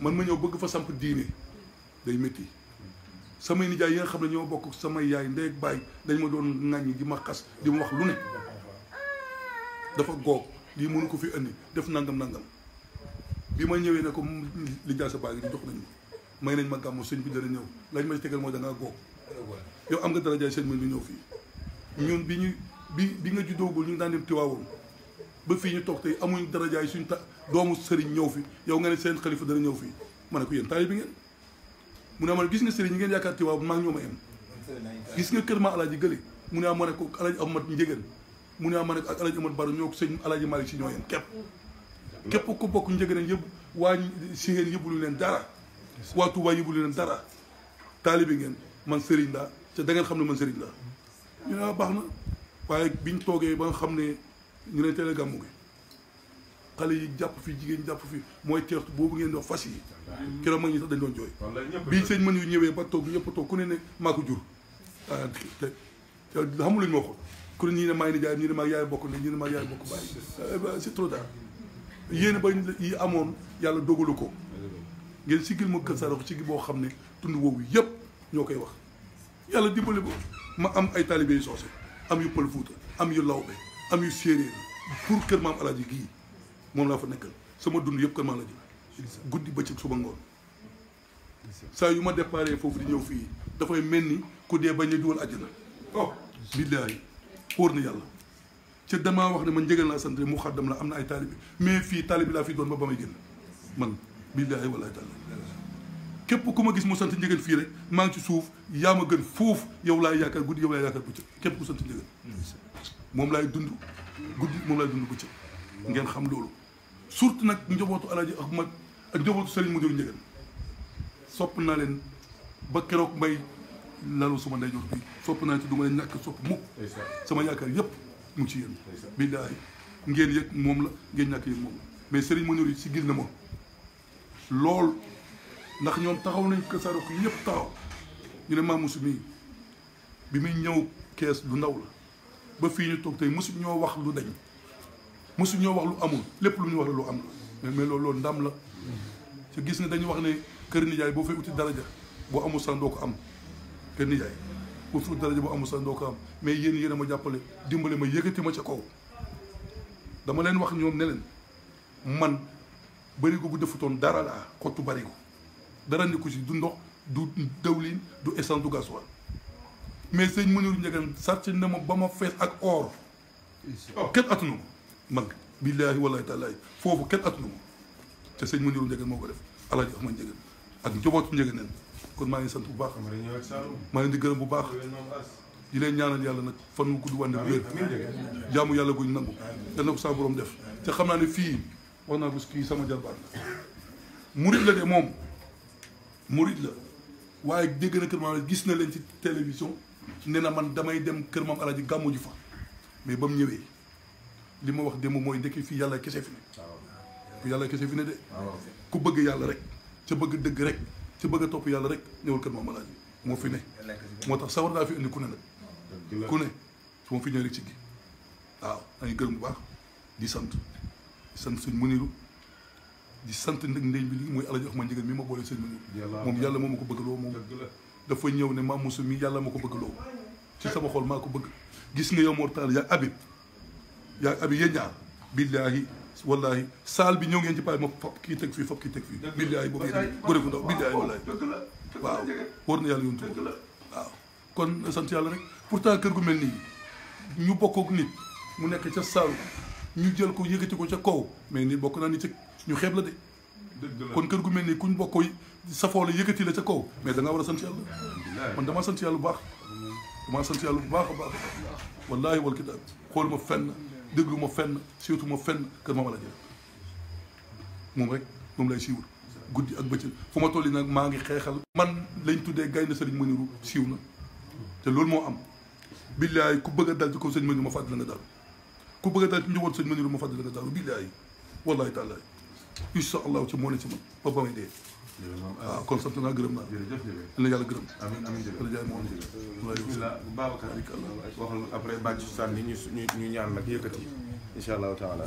man ma ñëw bëgg fa samp diine day métti samay nijaay yi xam ne ñoo bokk sama yaay ndey ak baay dañ ma doon ŋàññi di ma xas di ma wax lu ne dafa goog lii mënu ko fi indi def nangam nangam bi ma ñëwee ne ko li jaay sa baa ngi jox nañ ma may nañ ma gàmmu sëñ bi dana ñëw lañ may tegal mooy da ngaa goog yow am nga dara seen sëñ bi ñu ñëw fii ñun bi ñu bi bi nga juddoogul ñu ngi daan dem tiwaawoon ba fii ñu toog tey amuñ dara jaay suñ ta doomu sëriñ ñëw fi yow nga ne seen xalifa dana ñëw fii ma ne ko yéen taalibe bi ngeen mu ne man gis nga sëriñ ñi ngeen yaakaar Tiwaawan maa ngi ñoo ma gis nga kër ma alaaji mu ne ah ma ko alaaji amat njëgën mu ne ah ma ne ko ak alaaji amat baro ñoo ko sëñ alaaji Malick si ñoo yem képp képp ku bokk njëgën yëpp waa siheen yëbulu leen dara waa Tuubaa yëbulu leen dara taalibe bi ngeen man sëriñ la te da xam ne man sëriñ la ñu ne baax na waaye biñ toogee ba nga xam ne ñu ne teel a gàmmu gi xale yi jàpp fii jigéen jàpp fi mooy teertu boobu ngeen doon fas yi keroog ma ñi sax dañ doon jooy bii sëñ mën yu ñëwee ba toog ñëpp toog ku ne ne maa ko jur ah, te xamul luñu ma ko ku ne ñii ne maay ni jaay ñii ne yaay bokk ne ñii ne maag yaay bokk bàyyi eh, c'est trop tard yéen ba yi amoon yàlla dogalu ko ngeen siggil ma kër sarok siggi boo xam ne tund woowu yëpp ñoo koy wax yàlla dimbali ba ma am ay taalibe yu am yu pël fuuta am yu lawbe am yu séeréer pour kër maam mom la fa nekkal sama dund yeb ko ma la ji guddi becc suba ngor sa yu ma déparé fofu di ñew Oh, da fay melni ku dé bañu la duwal oh billahi pour ni yalla ci dama wax ni man njëgal laa sant mu xaddam la amna ay talib mais fi talib la fi doon ba bamay gën man billahi wallahi taala kep ku ma gis mu sant njëgal fi rek ma ngi ci suuf ya ma gën fouf yow la yaakaar guddi yow laay bu ci kep ku sant njëgal mom lay dund guddi mom lay dund ci ngeen xam lolu surtout nag njabootu alaaji Ahmad ak njabootu Serigne Modou Ndiéguène sopp naa leen ba keroog mbay lalu suma ndeyjoor bi sopp naa ci du ma leen ñàkk sopp mukk sama yaakaar yëpp mu ci yéen billaahi ngeen yëg moom la ngeen ñàkk yëg moom la mais Serigne Modou yi si gis na ma lool ndax ñoom taxaw nañ ko sarok yëpp taxaw ñu ne maamu su bi muy ñëw kees lu ndaw la ba fii ñu toog tey mosu ñoo wax lu dañ mosu ñoo wax lu amul lépp lu ñu wax la lu am mais mais loolu loolu ndam la te gis ne dañu wax ne kër nijaay boo fay uti daraja boo amul san doo ko am kër nijaay boo amul san doo mais yéen yéen ma jàppale dimbale ma yëkkati ma ca kaw dama leen wax ñoom ne leen man barigo bu defutoon dara laa xottu barigo dara nekku ci du ndox du dawlin du essence du gasoil mais sëñ mënul Ndiagane sàcc na ma ba ma fees ak or oh. kenn atunu mag billaahi wallaahi taalaahi foofu kenn atunu ma te sëñ Maniru Njëgën moo ko def alaaji Axma Njëgën ak njobootu Njëgën neen kon maa ngi sant bu baax maa ngi di gërëm bu baax di leen ñaanal yàlla nag fan wu gudd wànde bu wér jaamu yàlla guñ nangu yal ko saa borom def te xam naa ne fii wax naa ko kii sama jarbaat la murit la de moom murit la waaye dégg na kër maam gis na leen ci télévision nee na man damay dem kër maam alaaji gàmmu ji fa mais ba mu ñëwee li ma wax démb mooy ndekki fii yàlla kese fi ne fii yàlla kese fi ne de ku bëgg yàlla rek ca bëgg dëgg rek ca bëgg a topp yàlla rek ñëwal kër Maam Alaaji moo fi ne moo tax sawar daa fi indi ku ne nag ku ne su ma fi ñëwee rek ci gi waaw dañuy gërëm bu baax di sant di sant suñ munilu di sant nag ndey bi lii mooy Alaaji wax ma njëgal mi ma boole sëñ munilu moom yàlla moo ma ko bëgg loo moom dafa ñëw ne Maam Moussa mi yàlla ma ko bëgg loo ci sama xol maa ko bëgg gis nga yow Mor Talla yaa Habib yaa ngi abi yéen ñaar billaahi wallaahi saal bi ñëw ngeen ci bàyyi ma fop kii teg fii fop kii teg fii billaahi boobu yéen góor gu ndaw billaahi wallaahi waaw war na yàlla yontu waaw kon sant yàlla rek pourtant kër gu mel nii ñu bokk ak nit mu nekk ca saalu ñu jël ko yëkkati ko ca kaw mais nii bokk naa ni ci ñu xeeb la de kon kër gu mel nii kuñ bokk safoo la yëkkati la ca kaw mais da ngaa war a sant yàlla man damaa sant yàlla bu baax damaa sant yàlla bu baax a baax wallaahi wal kitaab xooluma fenn déglu ma fenn surtout ma fenn kër Mama Ladji moom rek moom lay siiwul guddi ak bëccëg fu ma tolli nag maa ngi xeexal man lañ tuddee gaynde sëriñ Maniru siiw na te loolu moo am billaay ku bëgg a dal ci kaw sëñ Maniru ma fàttali la nga dal ku bëgg a dal ci njaboot sëñ Maniru ma fàttali la nga dal billaay wallahi taalaay incha allahu ci moo ne ci man ba ba may dee waaw kon sant naa gërëm naa. jërëjëf jërëjëf na yàlla gërëm. amiin amiin jërëjëf Aliou Ndiaye moo am jërëjëf. Euh, bisimilah Babacar après bàcc sànni ñu ñu ñaan nag yëkkati incha allahu taala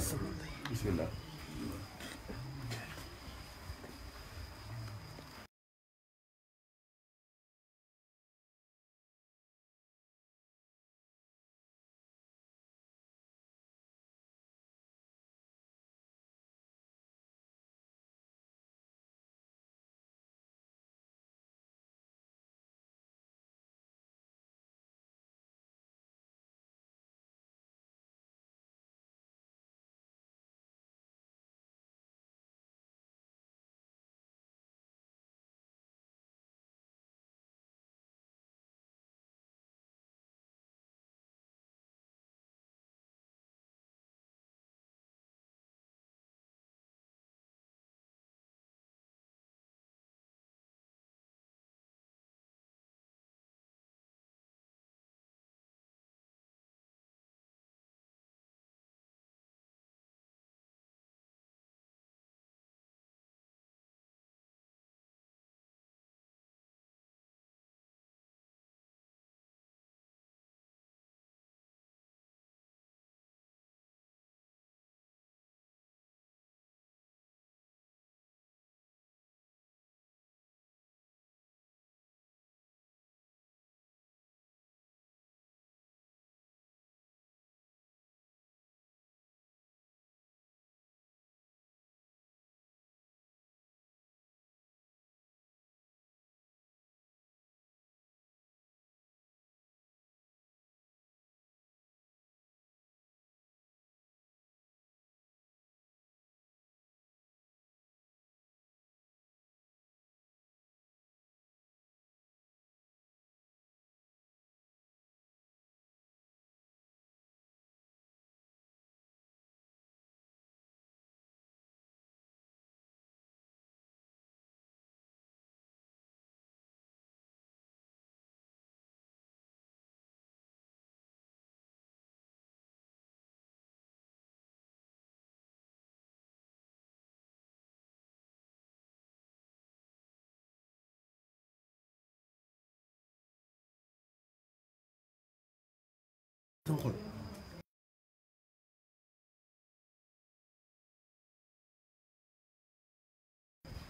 tuuxul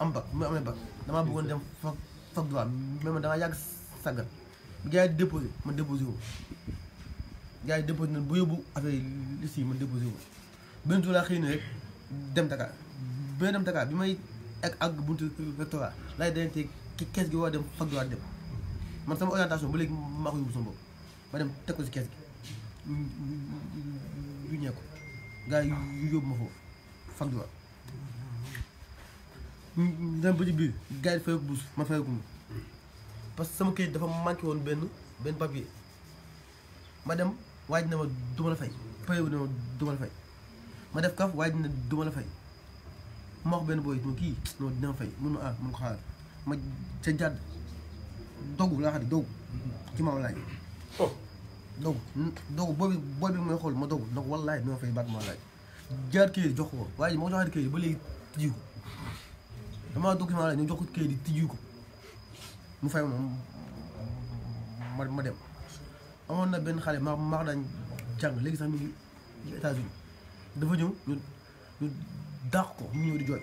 am bac mu amee bac damaa bëggoon dem fac fac droit mais man damaa yàgg sàggan bi gars yi déposé ma déposé wu gars yi déposé na bu yóbbu affaire yi liste yi déposé wu benn jour laa xëy na rek dem Dakar benn dem Dakar bi may ak ak buntu rectorat laay dayante kees gi war dem fac droit dem man sama orientation ba léegi maa ko yóbbu sama bopp dem teg ko si kees gi yu ñeeku gars yi yóbbu ma foofu fan du dem ba ci biir gars yi fay ko buus man fay ko mu parce que sama kayit dafa manqué woon benn benn papier ma dem waaj na ma du la fay paye na ma du la fay ma def kaf waaj na du la fay ma wax benn booy ma kii non dina ma fay mun ma ah mun ko xaar ma ca jàdd dogu laa xam ne ci maam laaj oh. dogu dogu boobu boobu mooy xool ma dogu ndax wallaay dina fay baat ma laaj jaar kii jox ko waaye moo ko joxee kii ba léegi tijji ko ma laaj ñu jox ko di tijji ko fay moom ma ma dem amoon na benn xale ma ma daan jàng léegi sax mi ngi ci états dafa ñëw ñu ñu dàq ko mu ñëw di jooy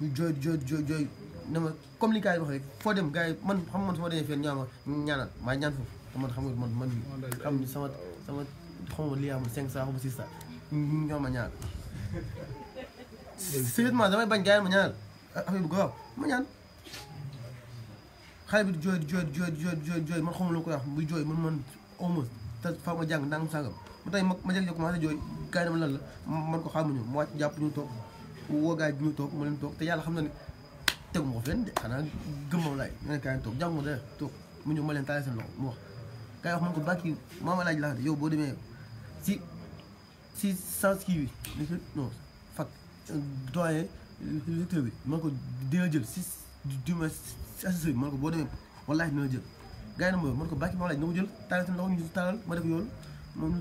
ñu jooy jooy jooy jooy ne ma comme li gars waxee foo dem gars yi man xam man su ma demee fii ñaama ñaanal foofu. man xam nga man man xam ni sama sama xawma lii amul cinq saako ba six saako ñoo ma ñaan sérieusement damay bañ gars yi ma ñaan affaire bu gaaw ma ñaan xale bi di jooy di jooy di jooy di jooy jooy man xawma lu ko wax buy jooy man man ma jàng ndànk sàngam ba ma ma jékki-jékki commencé jooy gars ma wàcc jàpp toog woo gars yi ma leen te yàlla xam na ne tegu ma ko fenn ne gars toog jàngu ma dara toog mu leen taale seen loxo mu kay euh, wax euh, man ko bàkki maam alaaj laxate boo demee si si sens kii bi monsieur non fac bi man ko si du moins assesseur bi boo demee wallaahi dina jël gars yi na mo man ko bàkki maam alaaj na ko jël taal na ko ñu moom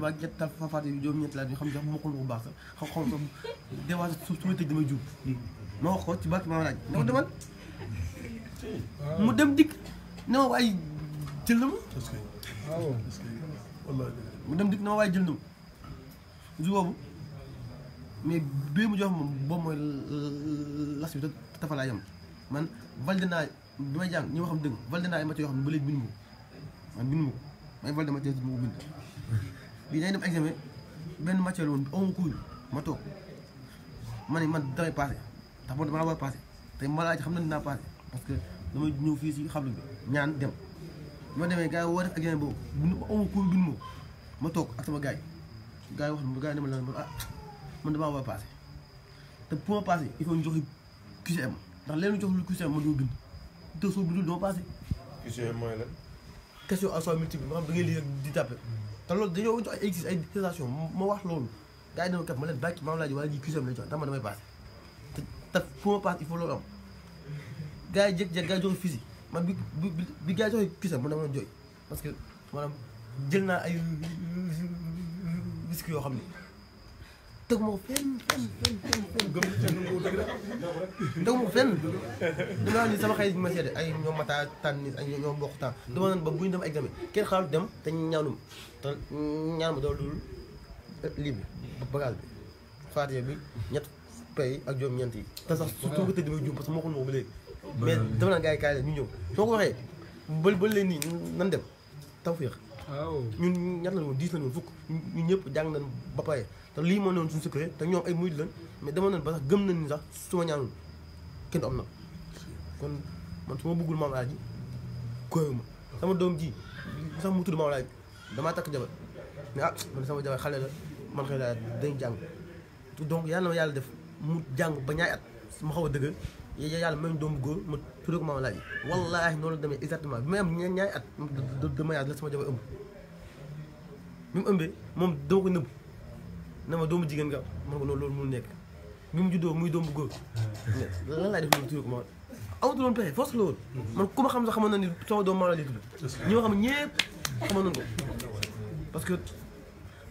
ba ñett ta Fatia bi juróom ñetti laaj ñu xam jox ko baax sax xaw su su ma tëj damay juub ma wax ko ci bàkki maam alaaj ko demal ah. mu dem dikk ne ma waaye jël ah na ma. mu dem waaye jël na ma su mais bee mu jox moom boobu las bi dafa laa yem man valide naa bi may jàng ñi ma xam dëgg valide naa ay matières yoo xam ne ba léegi bindu ma ko man bindu ma ko may valide matière bi ma dem examen benn matière la woon ma toog ma ne man damay war a te ma laaj xam na dinaa passé parce que damay ñëw fii si xablu bi ñaan dem. moo demee gars yi woo def ak yeneen boobu bu aw ko ma toog ak sama gars yi gars yi wax gars yi dama la ah man damaa war a passé te pour ma passé il faut ñu joxe QCM ndax leen ma doo bind te soo bindul doo passé QCM mooy lan question à soi multiple ma xam da ngay loolu dañoo ma wax loolu gars yi dama ma leen bàcc maam laa ji wala ji QCM te te pour ma il faut loolu am gars yi jékki-jékki gars man bi bi bi gars yi joxee kii sax mën na ma jooy parce que maanaam jël naa ay risques yoo xam ne tegu ma ko fenn fenn fenn fenn gëm tegu ma ko fenn dinaa ni sama xarit bi ma ay ñoom mata tànnis ay ñoom mboq temps dama naan ba bu ñu dem ay examen kenn xaaral dem te ñaanum te ñaan ma dool lii bi bagage bi faatiya bi ñett pay ak juróom-ñeent yi te sax surtout nga tëdd may juum parce que moo xul ma ko ba léegi mais dafa naan gars yi kaay la ñu ñëw soo ko waxee bël bël leen nii nan dem tawféex waaw ñun ñaata la woon diis la fukk ñun ñëpp jàng nañ ba te lii moo ne woon suñu secret ay muyut lañ mais dama nañ sax gëm nañu ni sax su ma ñaanul kenn am na kon man su ma bëggul maam laa ji ma sama doom ji sax mu tudd maam laa damaa takk jabar mais ah man sama jabar xale la man xëy na dañ jàng donc yàlla na ma yàlla def mu jàng ba ñaay at ma xaw a dëgër yàlla même doomu góor ma turé ko maama laaj wallaahi noonu la demee exactement bi may am ña ñaari at de mariage la sama jabar ëmb bi mu ëmbee moom dama ko nëbb na ma doomu jigéen nga ma ko noonu loolu mënul nekk bi mu juddoo muy doomu góor <laughs> lan laay def loolu turé ko maama amatu loon pexe force la woon mhm. man ku ma xam sax xamoon na ni sama doomu maama laaj tudd ñi ma xam ñëpp xamoon nañ ko parce que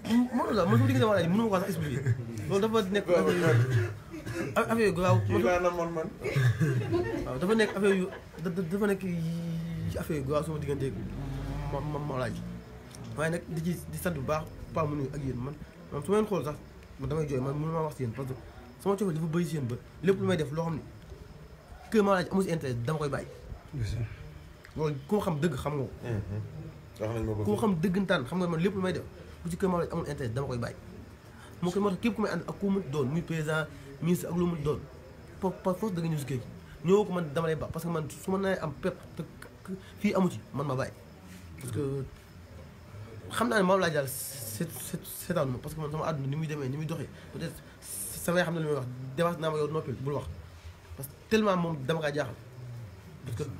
mënu la man su ma diggante maama laaj mënu ma ko sax expliquer <laughs> loolu dafa nekk affaire yu garaaw. kii laa na man man. waaw nekk affaire yu dafa nekk affaire yu garaaw sama diggante ma ma ma laaj waaye nag di ci di sant baax Pa Moundou man man su ma leen xool sax man damay jooy man mënu maa wax si yéen parce que dafa bëri si yéen ba lépp lu may def loo xam ne kër ma laaj amu si dama koy bàyyi. loolu xam dëgg xam nga ko. Mm-hmm. wax nañ ma dëggantaan xam nga man lépp ma laaj amul intérêt dama koy tax képp ku may ànd ak ku doon muy président. ministre ak lu ma doon par par force da nga ñëw si ko man dama lay parce que man su ma nay am pepp te fii amu ci man ma baay parce que xam naa ne moom laa jàll seet seet seetaanu ma parce que man sama àdduna ni muy demee ni muy doxee peut-être sama xam ne li may wax dépassé naa ma yow noppil bul wax parce que tellement moom dama kaa jaaxal parce que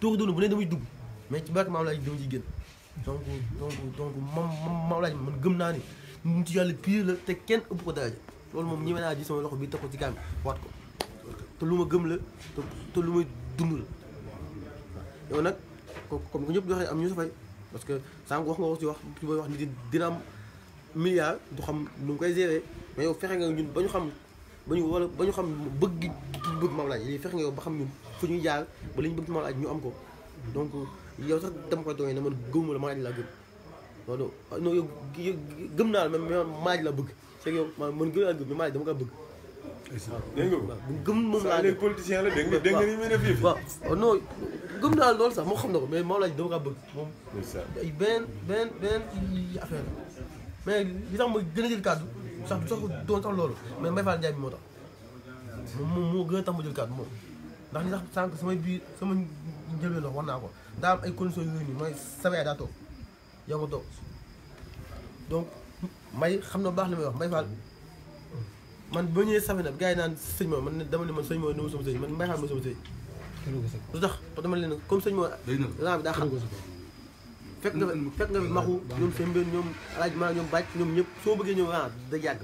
tuux dund bu ne damay dugg mais ci barke maam laa ji dama ciy génn donc donc donc moom moom maam laa ji man gëm naa ni nit yàlla pire la te kenn ëpp ko daraja loolu moom ñi naa ji sama loxo bi teg ko ci gaam waat ko te lu ma gëm la te lu ma dund la yow nag comme ko ñëpp di am ñu sa parce que sànq wax ci wax ci wax ni dina am milliard du xam mu koy gérer mais yow fexe nga ñun ba ñu xam ba ñu wala ba xam bëgg ki bëgg Mame Laye lii fexe xam ñun fu ñuy jaar ba li ñu bëgg Mame Laye ñu am ko donc yow sax dama koy doonee ne man gëwuma laa gëm ah, non non yow gëm naa la mais Mame Laye laa bëgg c'est yow man man gën a gëm mais dama kaa bëgg. dégg nga gëm oh, moom sax moo xam na ko mais moom laa dama kaa bëgg moom. ay benn benn affaire la mais li gën a jël kàddu sax sax doon sax loolu mais Mbaye Fall Ndiaye moo tax moom moo gën a tax ma jël kàddu moom. ndax li tax sànq samay biir sama njëlbeen wax war naa ko daa am ay conditions yooyu nii mooy sama yaay daa toog nga toog may xam na baax li may wax may faal man ba ñëwee safina gars yi naan sëñ moo man dama ne man sëñ moo numu sama sëñ man may faal mooy sama sëñ lu tax parce dama leen comme sëñ moo laa bi daa xam fekk nga fekk nga maxu ñoom seen mbir ñoom alaaj maa ñoom bàcc ñoom ñëpp soo bëggee ñoom ah da yàgg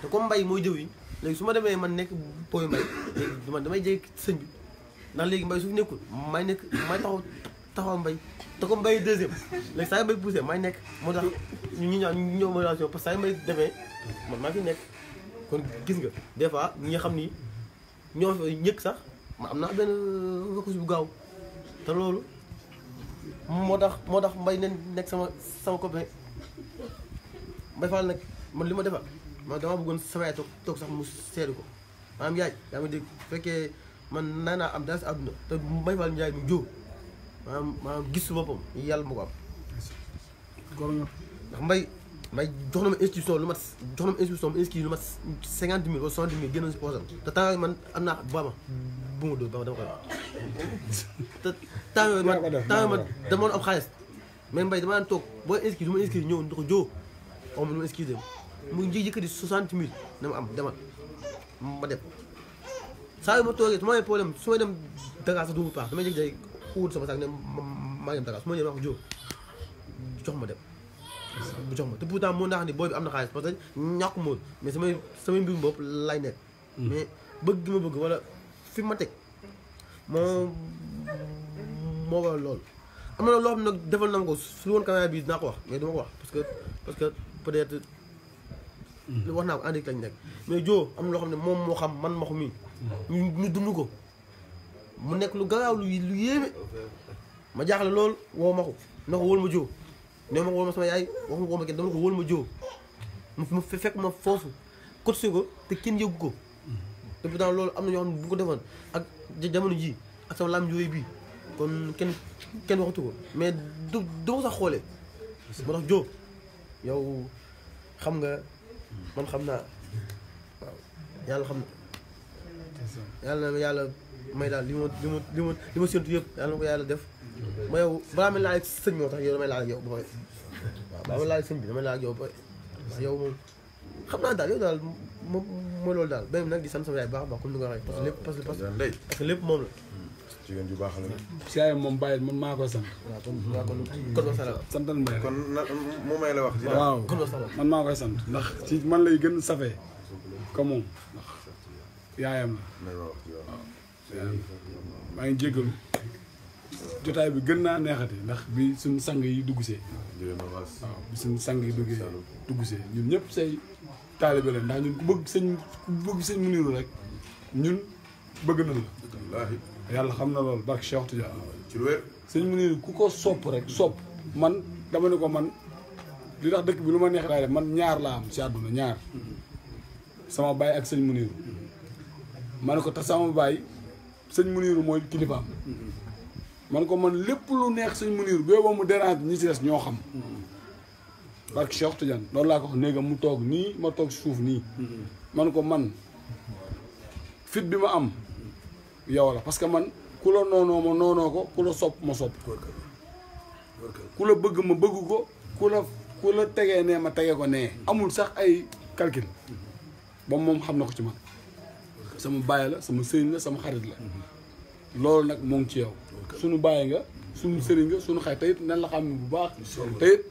te comme mbay mooy jëw yi léegi su ma demee man nekk pooy mbay léegi man damay jege sëñ bi ndax léegi mbay su fi nekkul may nekk may taxaw taxaw mbay te ko mbay deuxième léegi saa yu may nekk moo tax ñu ñu ñaan ñu ñëw ma relation parce que saa yu mbay defee man maa fi nekk kon gis nga des fois ñi nga xam ni ñoo fa ñëkk sax ma am naa benn focus bu gaaw te loolu moo tax moo tax mbay nen nekk sama sama copain mbay faal nag man li ma defal man damaa bëggoon sama yaay sax mu seedu ko maanaam yaay yaa ngi dégg fekkee man naa naa am daal si àdduna te mbay faal yaay mu jóo maanaam maanaam gis su boppam yàlla mu ko am. ndax mbay mbay jox na ma institution lu mat jox na ma institution ma inscrit lu mat cinquante mille wala soixante mille génnoon si poosam te temps yooyu man am naa ba ma bu ma dóor ba ma dama koy wax te temps yooyu man temps yooyu man dama am xaalis mais mbay dama daan toog boo inscrit du ma inscrit ñëw ndax joo xaw ma nu ma inscrit dem mu ngi yëkkati soixante mille na ma am demal ma dem saa yu ma toogee su ma amee problème su may dem Dakar sax du ma paax damay jékki-jékki xuut sama sax ne maa dem Dakar su ma ñëwee ma ko jóg jox ma dem bu jox ma te pourtant moo tax ni booy bi am na xaalis parce que ñàkk mool mais samay samay mbirum bopp lay nekk hmm. mais bëgg gi ma bëgg wala fi ma teg moo moo waral loolu am na loo xam ne nag defal na ma ko su woon caméra bi dinaa ko wax mais duma ko wax parce que parce que peut-être hmm. wax naa ko en direct lañ nekk mais joo am na loo xam ne moom moo xam man ma ko mii hmm. ñu dund ko mu nek lu garaaw lu lu yéeme ma jaaxle lol woo ma ko ne ko wóol ma joo ne ma ko wóol ma sama yaay wax ma wóol ma kenn dama ko wóol ma joo mu fekk ma foofu cotisé ko te kenn yëgu ko te pourtant loolu am na xam bu ko defoon ak jamono ji ak sama lam yooyu bi kon ken ken waxatu ko mais du do ko sax xoolee moo tax joo yow xam nga man xam naa yàlla xam na yàlla yàlla may daal li ma li ma li ma li ma séntu yëpp yàlla na ko yàlla def ma yow balaa may laaj sëñ moo tax yow damay laaj ak yow ba pare waaw balaa may laaj sëñ bi damay laaj ak yow ba pare yow moom xam naa daal yow daal moom mooy loolu daal benn nag di sant sama yaay baax a baax comme ni nga waxee parce que lépp parce que parce que lépp moom la jigéen ju baax la si yaayam moom bàyyi man maa ko sant waaw kon kon ma sala santal may kon mu may la wax di waaw kon ma sala man maa koy sant ndax ci man lay gën safee comme moom ndax yaayam la waaw maa ngi jégalu jotaay bi gën naa neexati ndax bi suñ sang yi dugg see waaw bi suñ sang yi dugg see dugg see ñun ñëpp say taalibe la ndax ñun ku bëgg sëñ ku bëgg Muniru rek ñun bëgg na la yàlla xam na loolu barke Cheikh Tidiane ci lu wér sëñ Muniru ku ko sopp rek sopp man dama ne ko man li tax dëkk bi lu ma neex man ñaar laa am ci àdduna ñaar mm-hmm. sama baay ak sëñ Muniru ma ne ko tax sama baay sëñ Muniiru mooy kilifaam man ko man lépp lu neex sëñ Muniiru boobu mu dérange ñi si des ñoo xam barke Cheikh Tidiane loolu laa ko néegam mu toog nii ma toog suuf nii man ko man fit bi ma am yow la parce que man ku la noonoo ma noonoo ko ku la sopp ma sopp ku la bëgg ma bëgg ko ku la ku la tegee nee ma tege ko nee amul sax ay calcul ba moom xam na ko ci man sama baay la sama sëriñ la sama xarit la loolu nag moo ngi ci yow suñu baay nga suñu sëriñ nga suñu xarit tayit nan la xam ne bu baax tayit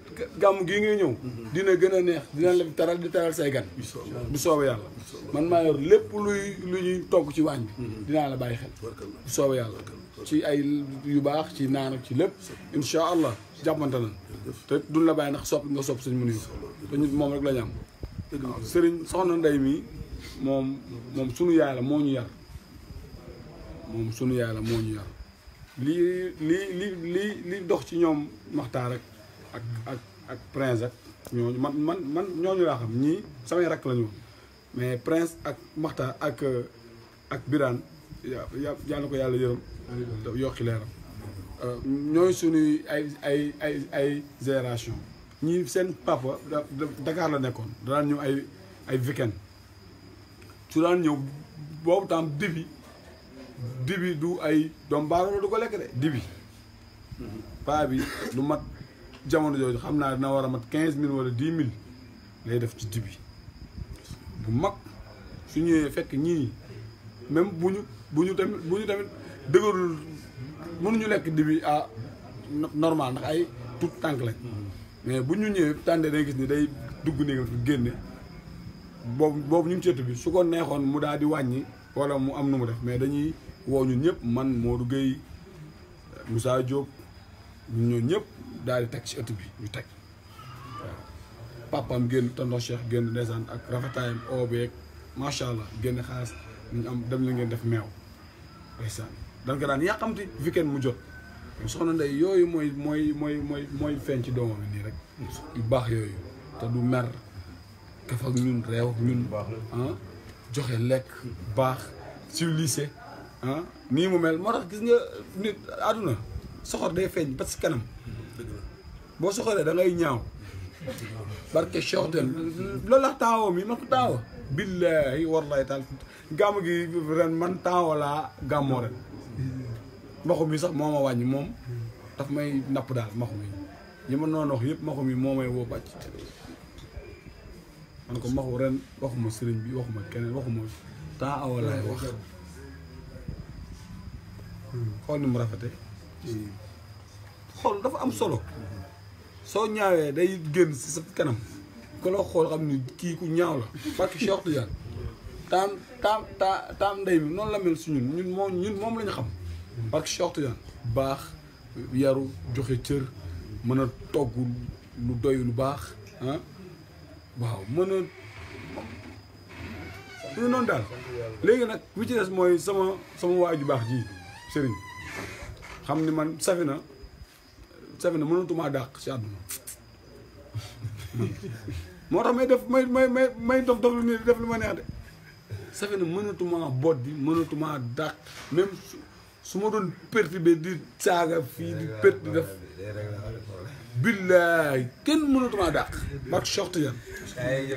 gàmm gii ngay ñëw mhm. dina gën a neex dina la taral di taral say gan bu soobee yàlla man maa yor lépp luy lu ñuy togg ci waañ mhm. dinaa la bàyyi xel bu soobee yàlla ci ay yu baax ci naan ak ci lépp insha allah jàppante nañ te duñ la bàyyi ndax sopp nga soob suñ mënu yi te moom rek la ñu sëriñ soxna Ndeye mii moom moom sunu yaay la moo ñu yar moom sunu yaay la moo ñu yar lii lii li lii li dox ci ñoom maxtaar rek ak ak ak prince ak ñooñu man ñooñu laa xam ñii samay rakk la mais prince ak maxtaar ak ak biraan yàlla na ko yàlla yërëm yokki leeram ñooy sunuy ay ay ay ay génération ñii seen papa Dakar la nekkoon danaan ñëw ay ay weekend su daan ñëw boobu tam dibi dibi du ay doom baaroo du ko lekk de dibi paa bi lu mat jamono jooju xam naa na war a mat quinze mille wala dix mille lay def ci dibi bu mag su ñëwee fekk ñii même bu ñu bu ñu tamit bu ñu tamit dëgërul mënuñu lekk dibi ah normal ndax ay tout tànk lañ mm-hmm. mais bu ñu ñëwee tàndee day gis ni day dugg néegam fi génne boobu boobu ñu ngi ci ëtt bi su ko neexoon mu daal di wàññi wala mu am nu mu def mais dañuy woo ñun ñëpp man moo Gueye Moussa Diop ñun ñoo ñëpp daal di teg ci ëtt bi ñu teg waaw papam génn tonton Cheikh génn ndeysaan ak rafetaayam oobeeg macha allah génn xaalis ñu am dem li ngeen def meew ndeysaan dan ko daan yàqamti fi kenn mu jot soxna ndey yooyu mooy mooy mooy mooy mooy feeñ ci doomam nii rek yu baax yooyu te du mer kaf ak ñun réew ñun ah joxe lekk baax ci lycée ah, mu mel moo gis nga nit àdduna soxor day feeñ ba si kanam boo soxoree da ngay ñaaw barke shorten loolu la taawoo gi man taawa laa gàmmoo sax moo ma wàññi moom daf may napp daal maxu mi yi ma noonu wax yëpp maxu mi moo may woo bàcc man ko maxu ren waxuma sëriñ bi waxuma keneen waxuma taa awalaay wax xool ni mu rafete xool dafa am solo soo ñaawee day gën si sa kanam ku xool xam ni kii ku ñaaw la parce que Cheikh Tidiane taam taam ndey mi noonu la mel si ñun ñun moom ñun xam parce que Cheikh baax yaru joxe cër mën a togg lu doy lu baax ah. waaw mën a noonu daal léegi nag bi ci des mooy sama sama waay ju baax ji sëriñ xam ni man safina safina mënatumaa dàq si àdduna moo tax may def may may may may dof dof lu ni def lu ma neex de safina mënatumaa boot di mënatumaa dàq même su ma doon perturbé di saaga fii di perte di def billaay kenn mënatu maa dàq. bak soxti yan.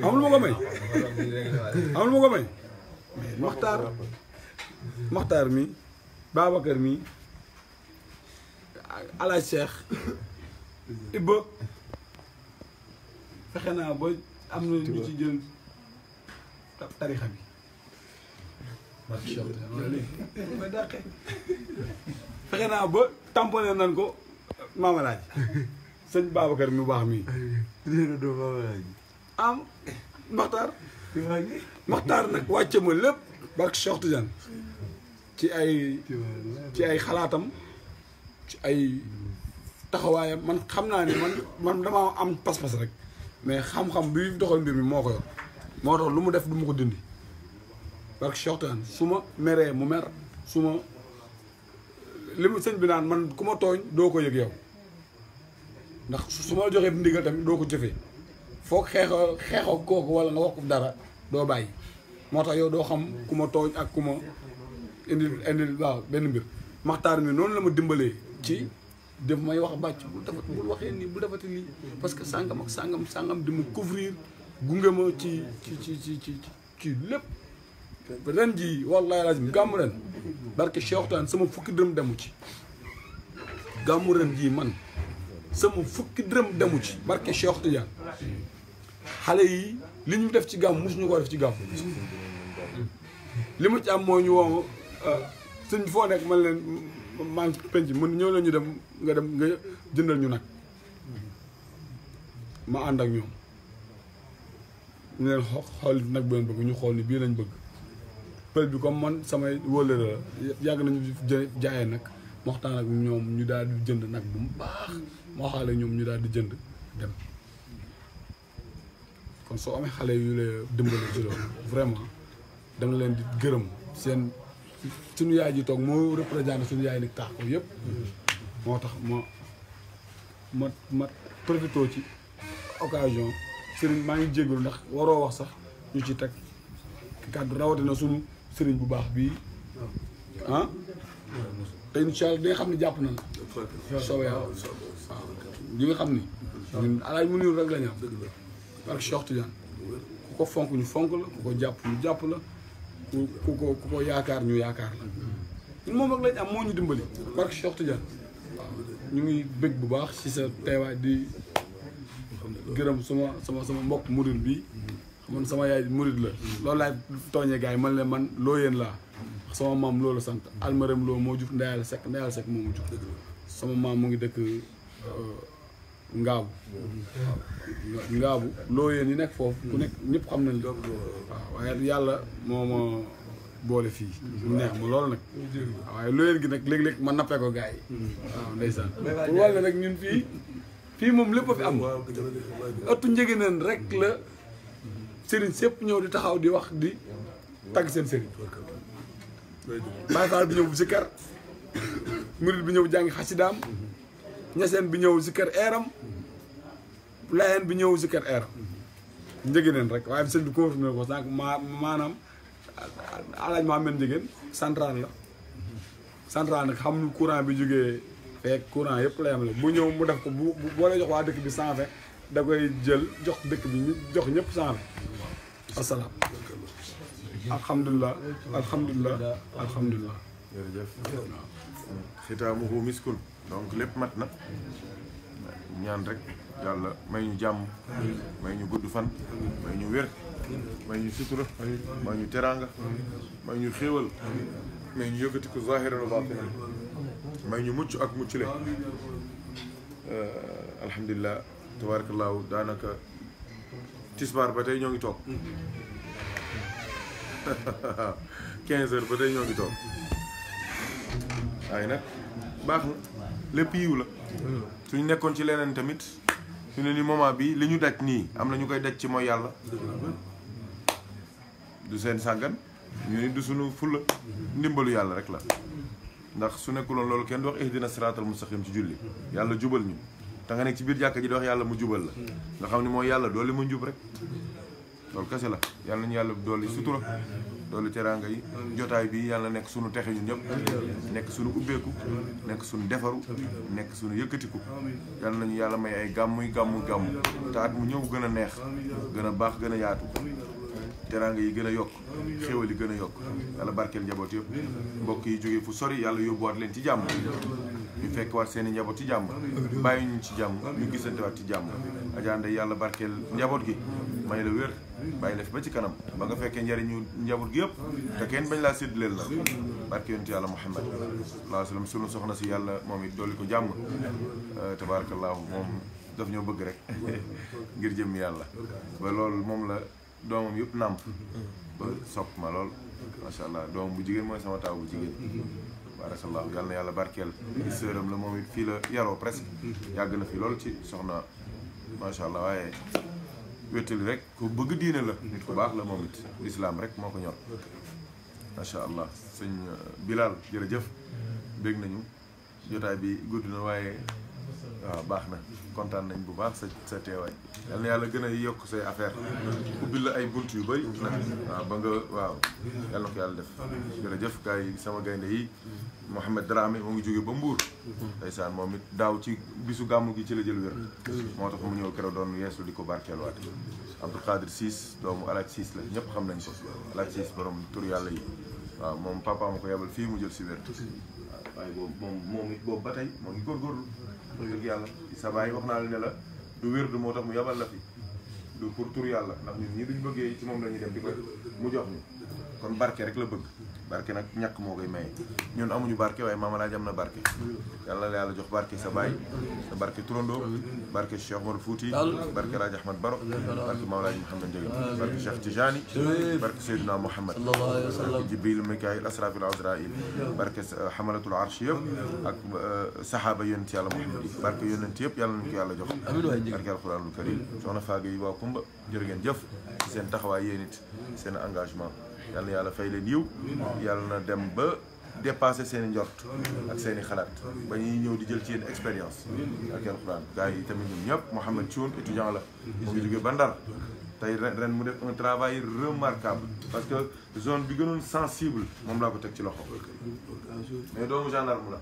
amul ma ko may. amul ma ko may. Maxtaar Maxtaar mi Babacar mi Alaaj Cheikh Ibba fexe naa ba am na ñu ci tarixa bi. fexe naa ba tamponné nan ko maamalaaj sëñ Babacar mi baax mi. am Maxtaar. Maxtaar nag wàcce ma lépp. barke Cheikh ci ay ci ay xalaatam ci ay taxawaayam man xam naa ni man man damaa am pas-pas rek mais xam-xam bi doxal mbir mi moo ko yor moo tax lu mu def du ma ko dindi barke Cheikh su ma meree mu mer su ma li mu sëñ bi naan man ku ma tooñ doo ko yëg yow. ndax su ma joxee ndigal tamit doo ko jëfee foog xeexoo xeexoo kooku wala nga wax dara doo bàyyi moo tax yow doo xam ku ma tooñ ak ku ma indi indil waaw benn mbir maxtaar mi noonu la ma dimbalee ci def may wax bàcc bu dafa bul waxee nii bu defati nii parce que sàngam ak sàngam sàngam di ma couvrir gunge ma ci ci ci ci ci ci lépp ren jii wallahi lazim gàmmu ren barke Cheikh sama fukki dërëm demu ci gàmmu ren jii man sama fukki dërëm demu ci barke Cheikh Tidiane xale yi li ñu def ci gàmm mosuñu ko def ci gàmm li ma ci am mooy ñu woo euh, suñ foo nekk man leen maa ngi penc mën ñëw la ñu dem nga dem nga jëndal ñu nag ma ànd ak ñoom ñu leen xool nag bu leen bëgg ñu xool ni bii lañ bëgg pël bi comme man samay wóllëre la yàgg nañu jaaye nag waxtaan ak ñoom ñu daal di jënd nag bu mu baax ma waxaale ñoom ñu daal di jënd dem kon soo amee xale yu la dimbale ci loolu vraiment da nga leen di gërëm seen sunu yaay ji toog moo représenté suñu yaay ni taax ko yëpp moo tax ma ma ma ci occasion sëriñ maa ngi jégalu ndax waroo wax sax ñu ci teg kàddu rawatina suñu sëriñ bu baax bii ah te incha xam ne jàpp na soobee yàlla waaw ñi nga xam ni. ñun alaay mu rek la ñu am. parce que Cheikh ku ko fonk ñu fonk la ku ko jàpp ñu jàpp la ku ko yaakaar ñu yaakaar la ñun moom rek lañ am moo ñu dimbali. parce que Cheikh ñu ngi bëgg bu baax ci sa teewaay di gërëm suma sama sama mbokk murid bi man sama yaay murid la. loolu laay tooñee gars man la man loo yéen laa. sama maam loolu sant almarem loo moo juf ndayal sekk ndayal sekk moo ma jur sama maam mu ngi dëkk euh, ngaabu waaw ngaabu loo yéen yi nekk foofu ku nekk ñëpp xam nañ waaw waaye yàlla moo fii mu loolu nag waaye loo yéen gi nag léeg-léeg ma nappee ko gars yi waaw ndeysaan pour wàll nag ñun fii fii moom lépp a fi am ëttu njëgëneen rek la sëriñ sépp ñëw di taxaw di wax di tagg seen sëriñ Baay Faal bi ñëw zikkar murit bi ñëw jàngi xasidaam ñaseen bi ñëw zikkar eeram laayeen bi ñëw zikkar eeram neen rek waaye sëñ bi confirmé ko sànq maa maanaam alaaj maa men njëgën central la central nag xam courant bi jógee fekk courant yëpp la yemale bu ñëw mu def ko bu boo lay jox waa dëkk bi cent da koy jël jox dëkk bi jox ñëpp cent vingt alhamdulilah alhamdulilah alhamdulilah. jërëjëf xitaamuhu miskul donc lépp mat na ñaan rek yàlla may ñu jàmm may ñu gudd fan may ñu wér may ñu sutura may ñu teraanga may ñu xéewal may ñu yëkkati ko zahiran wa baatinan may ñu mucc ak mucc le alhamdulilah tabarakallahu daanaka tisbaar ba tey ñoo ngi toog <laughs> quinze heures ba tey ñoo ngi toog waaye nag baax na lépp yiw la suñu nekkoon ci leneen tamit ñu ne nii moment bi li ñu daj nii am na ñu koy daj ci mooy yàlla du seen sàggan ñu ni du suñu fulla ndimbalu yàlla rek la ndax su nekkuloon loolu kenn du wax ihdina siraatal mustaqim ci julli yàlla jubal ñu te nga nekk ci biir jàkka ji di wax yàlla mu jubal la nga xam ne mooy yàlla doole mu njub rek loolu kese la yàlla nañu yàlla dolli sutura dolli teraanga yi jotaay bii yàlla nekk suñu texe ñun ñëpp nekk sunu ubbeeku nekk suñu defaru nekk suñu yëkkatiku yàlla nañu yàlla may ay gàmmuy gàmmu gàmmu te at mu ñëw gën a neex gën a baax gën a yaatu teraanga yi gën a yokk xéwal yi gën a yokk yàlla barkeel njaboot yëpp mbokk yi jógee fu sori yàlla yóbbuwaat leen ci jàmm ñu fekk waat seen i njaboot ci jàmm bàyyi ñu ci jàmm ñu gisante waat ci jàmm Adja yalla barkel njabot gi may la wér bay la fi ba ci kanam ba nga fekkee njariñu njabot gi yëpp te ken bañ la barke yalla Muhammad alaihi sallam sunu soxna ci yalla moom it dolli ko jàmm euh, tabaarakallaahu moom daf ñoo bëgg rek <laughs> ngir jëm yalla ba lool mom la doomam yëpp nàmp ba sopp ma lool macha allah bu jigéen moy sama taw bu jigéen barakallah yalla yalla barkel ci sëram la fi la yaro presque yag na fi lool ci soxna macha allah waaye wéttali rek ku bëgg diine la nit ku baax la moom it lislaam rek moo ko ñor macha allah sëñ euh, Bilal jërëjëf bég nañu jotaay bi gudd na waaye waaw baax na kontaan nañ bu baax sa sa teewaay yal na yàlla gën a yokk say affaire ubbil la ay bunt yu bëri nag ba nga waaw yal na ko yàlla def jërëjëf gars yi sama gaynde yi Mouhamed Dramé mu ngi jóge ba Mbour. ndeysaan moom it daaw ci bisu gàmmu gi ci la jël wér. moo tax mu ñëw keroog doon yeesu di ko barkeelwaat. Abdou Khadir Ciss doomu Alaaji Ciss la ñëpp xam nañ ko Alaaji Ciss borom tur yàlla yi waaw moom papa ma ko yebal fii mu jël si wér. waaw waaye boobu moom moom it boobu ba tey moo ngi góorgóorlu. dëgg yàlla sa baay wax naa la ne la du wér du moo tax mu yebal la fi. du pour tur yàlla ndax ñun ñi duñ bëggee ci moom la ñuy dem di ko mu jox kon barke rek la bëgg. barke nak ñak mo koy may ñun amuñu barke way mama Alaaji na barke yàlla la yàlla jox barke sa bay sa barke turondo barke Cheikh Omar Fouti barke Alaaji ahmed Baro barke maam Alaaji Mouhamed Ndiéguène barke Cheikh Tijani barke sallallahu alayhi wasallam Jibril Mikail Asrafil Azrail barke Hamalatul Arsh yeb ak sahaba yonent yàlla Mouhamed barke yonent yëpp yàlla nañu yàlla jox barke alquranul karim soxna yi Kumba jëf engagement yal yàlla fay leen yiw yàlla na dem ba dépassé seen i njort ak seen i xalaat ba ñuy ñëw di jël ci yéen expérience ak alxuraan gars yi tamit ñun ñëpp Mouhamed Thioune étudiant la mu ngi jóge ba Ndar tey ren mu def un travail remarquable parce que zone bi gënoon sensible moom laa ko teg ci loxo mais doomu gendarme la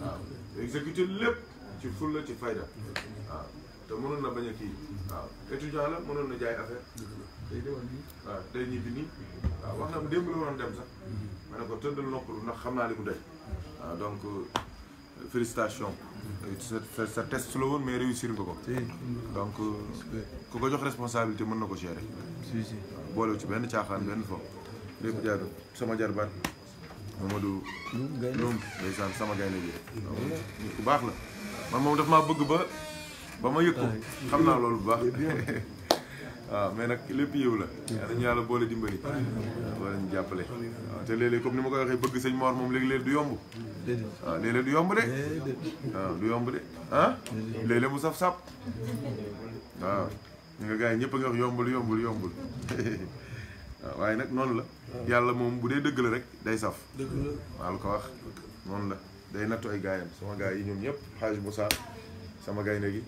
waaw lép lépp ci fulla ci fayda waaw te mënoon na bañ a kii étudiant la mënoon na jaay affaire tey demal nii waaw tey ñibbi nii waaw wax na ma démb la waroon dem sax ma ne ko tëddal noppalu ndax xam naa li mu daj waaw donc félicitations sa sa hmm. hmm. ah, hmm. test la woon mais réussir nga ko donc ku ko jox responsabilité mën na ko gérer si si boole ah, ci benn caaxaan benn fo lépp jaar sama jarbaat Mamadou Loum ndeysaan sama gaynde ji nit ku baax la man moom daf maa bëgg ba ba ma yëg ko bu baax waaw ah, mais nag lépp yiw la yal nañu yàlla boole dimbali ah, boole ñu jàppale waaw ah, te léeg-léeg comme ni ma koy waxee bëgg sëñ moor moom léeg-léeg du yomb waaw léeg du yomb de waaw du yomb de ah mu saf sap yi ñëpp a ngi wax yombul yombul <laughs> waaye nag noonu la yàlla moom bu dee dëgg la rek day saf maa la ko wax noonu la day nattu ay gaayam sama gaay yi ñoom ñëpp xaaj Moussa sama gaynde gi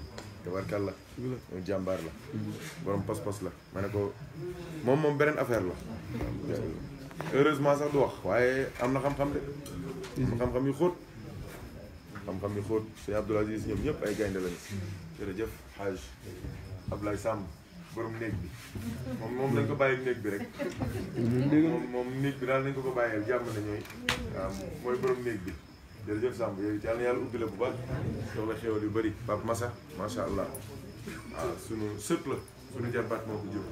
tabarkalla moom jambar la borom pas-pas la ma ko moom moom beneen affaire la heureusement sax du wax waaye am na xam-xam de am na xam-xam yu xóot xam-xam yu xóot sëñ Abdoul Aziz ñoom ñëpp ay gaynde lañu jërëjëf Haj Ablaye Sam, borom néeg bi moom moom nañ ko bàyyi néeg bi rek moom moom bi daal nañ ko ko borom bi jërëjëf Samb yow it yàlla na yàlla ubbi la bu baax soo la xéwal yu bëri Pape Massa macha allah waaw sunu sët la sunu jarbaat moo ko jur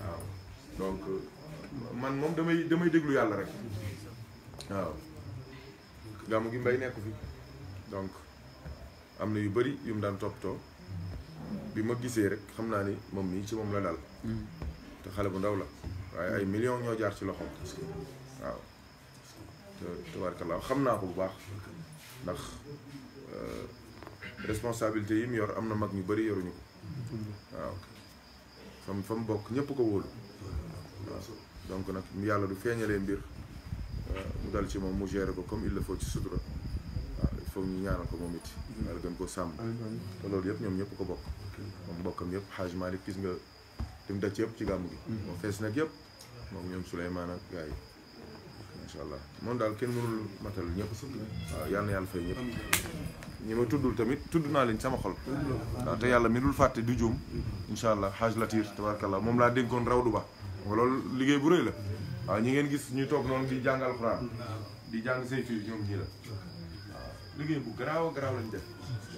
waaw donc man moom damay damay déglu yàlla rek waaw gàmmu gi mbay nekku fi donc am na yu bëri yu mu daan toppatoo bi ma gisee rek xam naa ni moom mii ci moom la daal hmm. te xale bu ndaw la waaye ay millions ñoo jaar ci loxo waaw ah. tubaarkalla xam naa ko bu baax ndax euh, responsabilité yi mu yor am na mag ñu bari yoruñu ko waaw fam fa mu bokk ñëpp ko wóolu waaw donc nag mu yàlla du feeñalee mbir euh, mu dal ci moom mu gérer ko comme il faut ci sutura waaw il ñu ñaanal ko moom it yàlla gën koo sàmm te loolu yëpp ñoom ñëpp ko bokk moom bokkam yëpp xaaj Malick gis nga li mu daj yëpp ci gàmm gi mm. moo fees nag yëpp moom ñoom Souleymane ak gars yi incha allah moom daal kenn mënul matal ñëpp waaw yal na yàlla fay ñëpp ñi ma tuddul tamit tudd naa leen sama xol waaw te yàlla mi dul fàtte du juum incha allah xaaj latir tabarakallah moom laa dénkoon rawdu ba nga loolu liggéey bu rëy la waaw ñi ngeen gis ñu toog noonu di jàng alxuraan di jàng say fii ñoom ñii la waaw liggéey bu garaaw a garaaw lañ def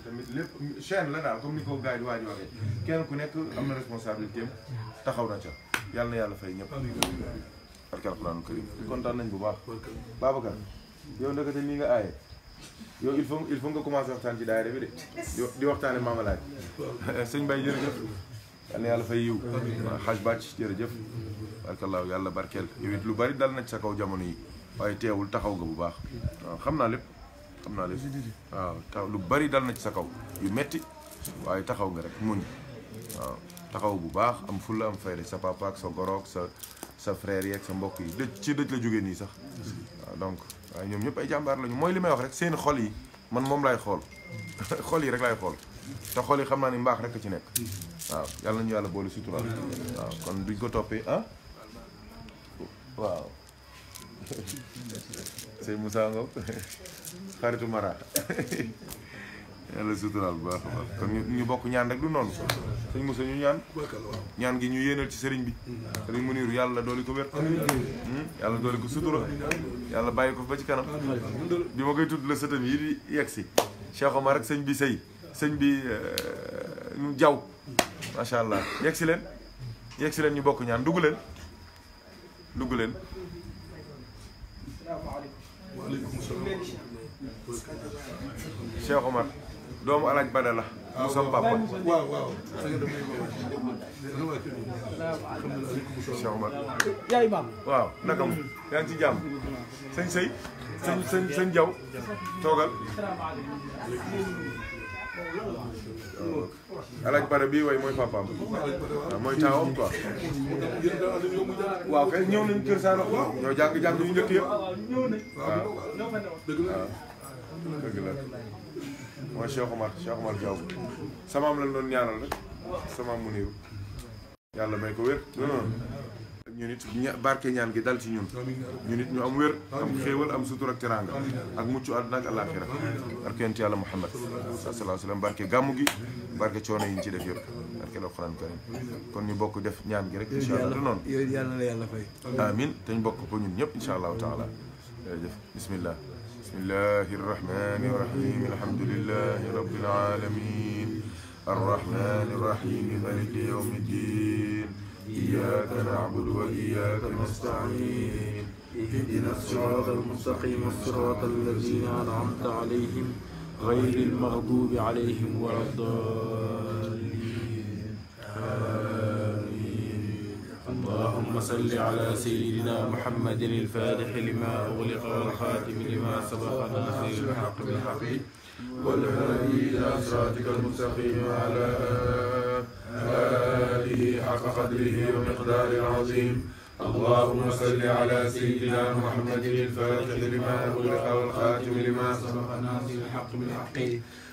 tamit lépp chaîne la daal comme ni ko gars yi waxee kenn ku nekk am na responsabilité taxaw na yàlla na yàlla barke alxuraanu karim kontaan nañ bu baax Babacar yow ndekete nii nga aaye yow il faut il faut nga commencé waxtaan ci daayira bi de di waxtaane maamalaaj sëñ Baye jërëjëf yal na yàlla fay yiw xaj bàcc jërëjëf barkallaahu yàlla barkeel lu bari dal nañ sa kaw jamono yi waaye teewul taxaw nga bu baax waaw xam naa lépp xam naa lépp waaw lu bari dal nañ sa kaw yu metti waaye taxaw nga rek muñ waaw taxaw bu baax am fulla am fayda sa papa ak sa goro sa sa frère yeeg sa mbokk yi dëj ci dëj la jógee nii sax donc waaye ñoom ñëpp ay jàmbaar lañu mooy li may wax rek seen xol yi man moom laay xool <laughs> xol yi rek laay xool te xol yi xam naa ni mbaax rek a ci nekk waaw yàlla nañu yàlla boole sutural waaw kon duñ ko toppee ah waaw <laughs> sëñ Moussa Ngom <laughs> xaritu Mara yàlla suturaal bu baax a baax kon ñu bokk ñaan rek du noonu sëñ Moussa ñu ñaan ñaan gi ñu yéenal ci sëriñ bi sëriñ Muniru yàlla dooli ko wér hmm? yàlla dooli ko sutura yàlla bàyyi ko ba ci kanam bi koy tudd la sëtam yi di yegg si Cheikh Omar rek sëñ bi sëy sëñ bi ñu euh, jaw macha allah yegg si leen yegg si leen ñu bokk ñaan dugg leen dugg leen Cheikh Omar doomu alaaj Bada la. mu sama papa waaw waaw. yaay maam waaw naka mu yaa ngi ci jàmm. sëñ Sey. sëñ sëñ sëñ Diaw. toogal. alaaj Bada bii way mooy papaam. waaw mooy taawam quoi. waaw kay ñëw nañu Kër Saara. ñoo jàng jàng yu njëkk yëpp. waaw waaw dëgg la. mooy Cheikh Omar Cheikh Omar Diaw samaam lañ doon ñaanal rek samaam mu niiru yàlla ko wér non non ñu nit barke ñaan gi dal ci ñun ñu nit ñu am wér am xéewal am sutur ak teraanga ak mucc àdduna ak àllaaxira barke yonent yàlla Muhammad sallallahu alayhi wa sallam barke gàmmu gi barke coono yi ñu ci def yëpp barke la Alxuraan karim kon ñu bokk def ñaan gi rek incha allah te noonu yooyu yàlla na amin te ñu bokk ko ñun ñëpp incha allahu taala jërëjëf bismillah بسم الله الرحمن الرحيم الحمد لله رب العالمين الرحمن الرحيم ملك يوم الدين إياك نعبد وإياك نستعين اهدنا الصراط المستقيم الصراط الذين أنعمت عليهم غير المغضوب عليهم ولا الضالين آمين اللهم صل على سيدنا محمد الفاتح لما أغلق والخاتم لما سبق النصير الحق بالحق والهادي إلى صراطك المستقيم على آله حق قدره ومقدار عظيم اللهم صل على سيدنا محمد الفاتح لما أغلق والخاتم لما سبق الناصر الحق بالحق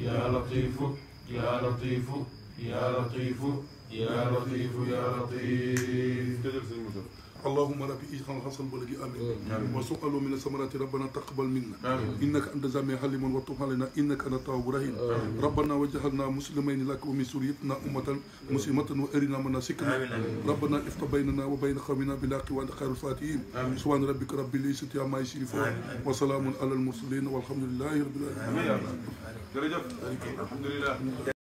يا لطيف يا لطيف يا لطيف يا لطيف يا لطيف اللهم ربي اجعل حسن بلدي امين وسؤال من الثمرات ربنا تقبل منا انك انت زامي حليم وتب علينا انك انت التواب الرحيم ربنا وجعلنا مسلمين لك ومن سوريتنا امه مسلمه وارنا مناسكنا ربنا افتح بيننا وبين قومنا بالحق وانت خير الفاتحين سبحان ربك رب العزه عما يصفون وسلام على المرسلين والحمد لله رب العالمين. جرجف الحمد لله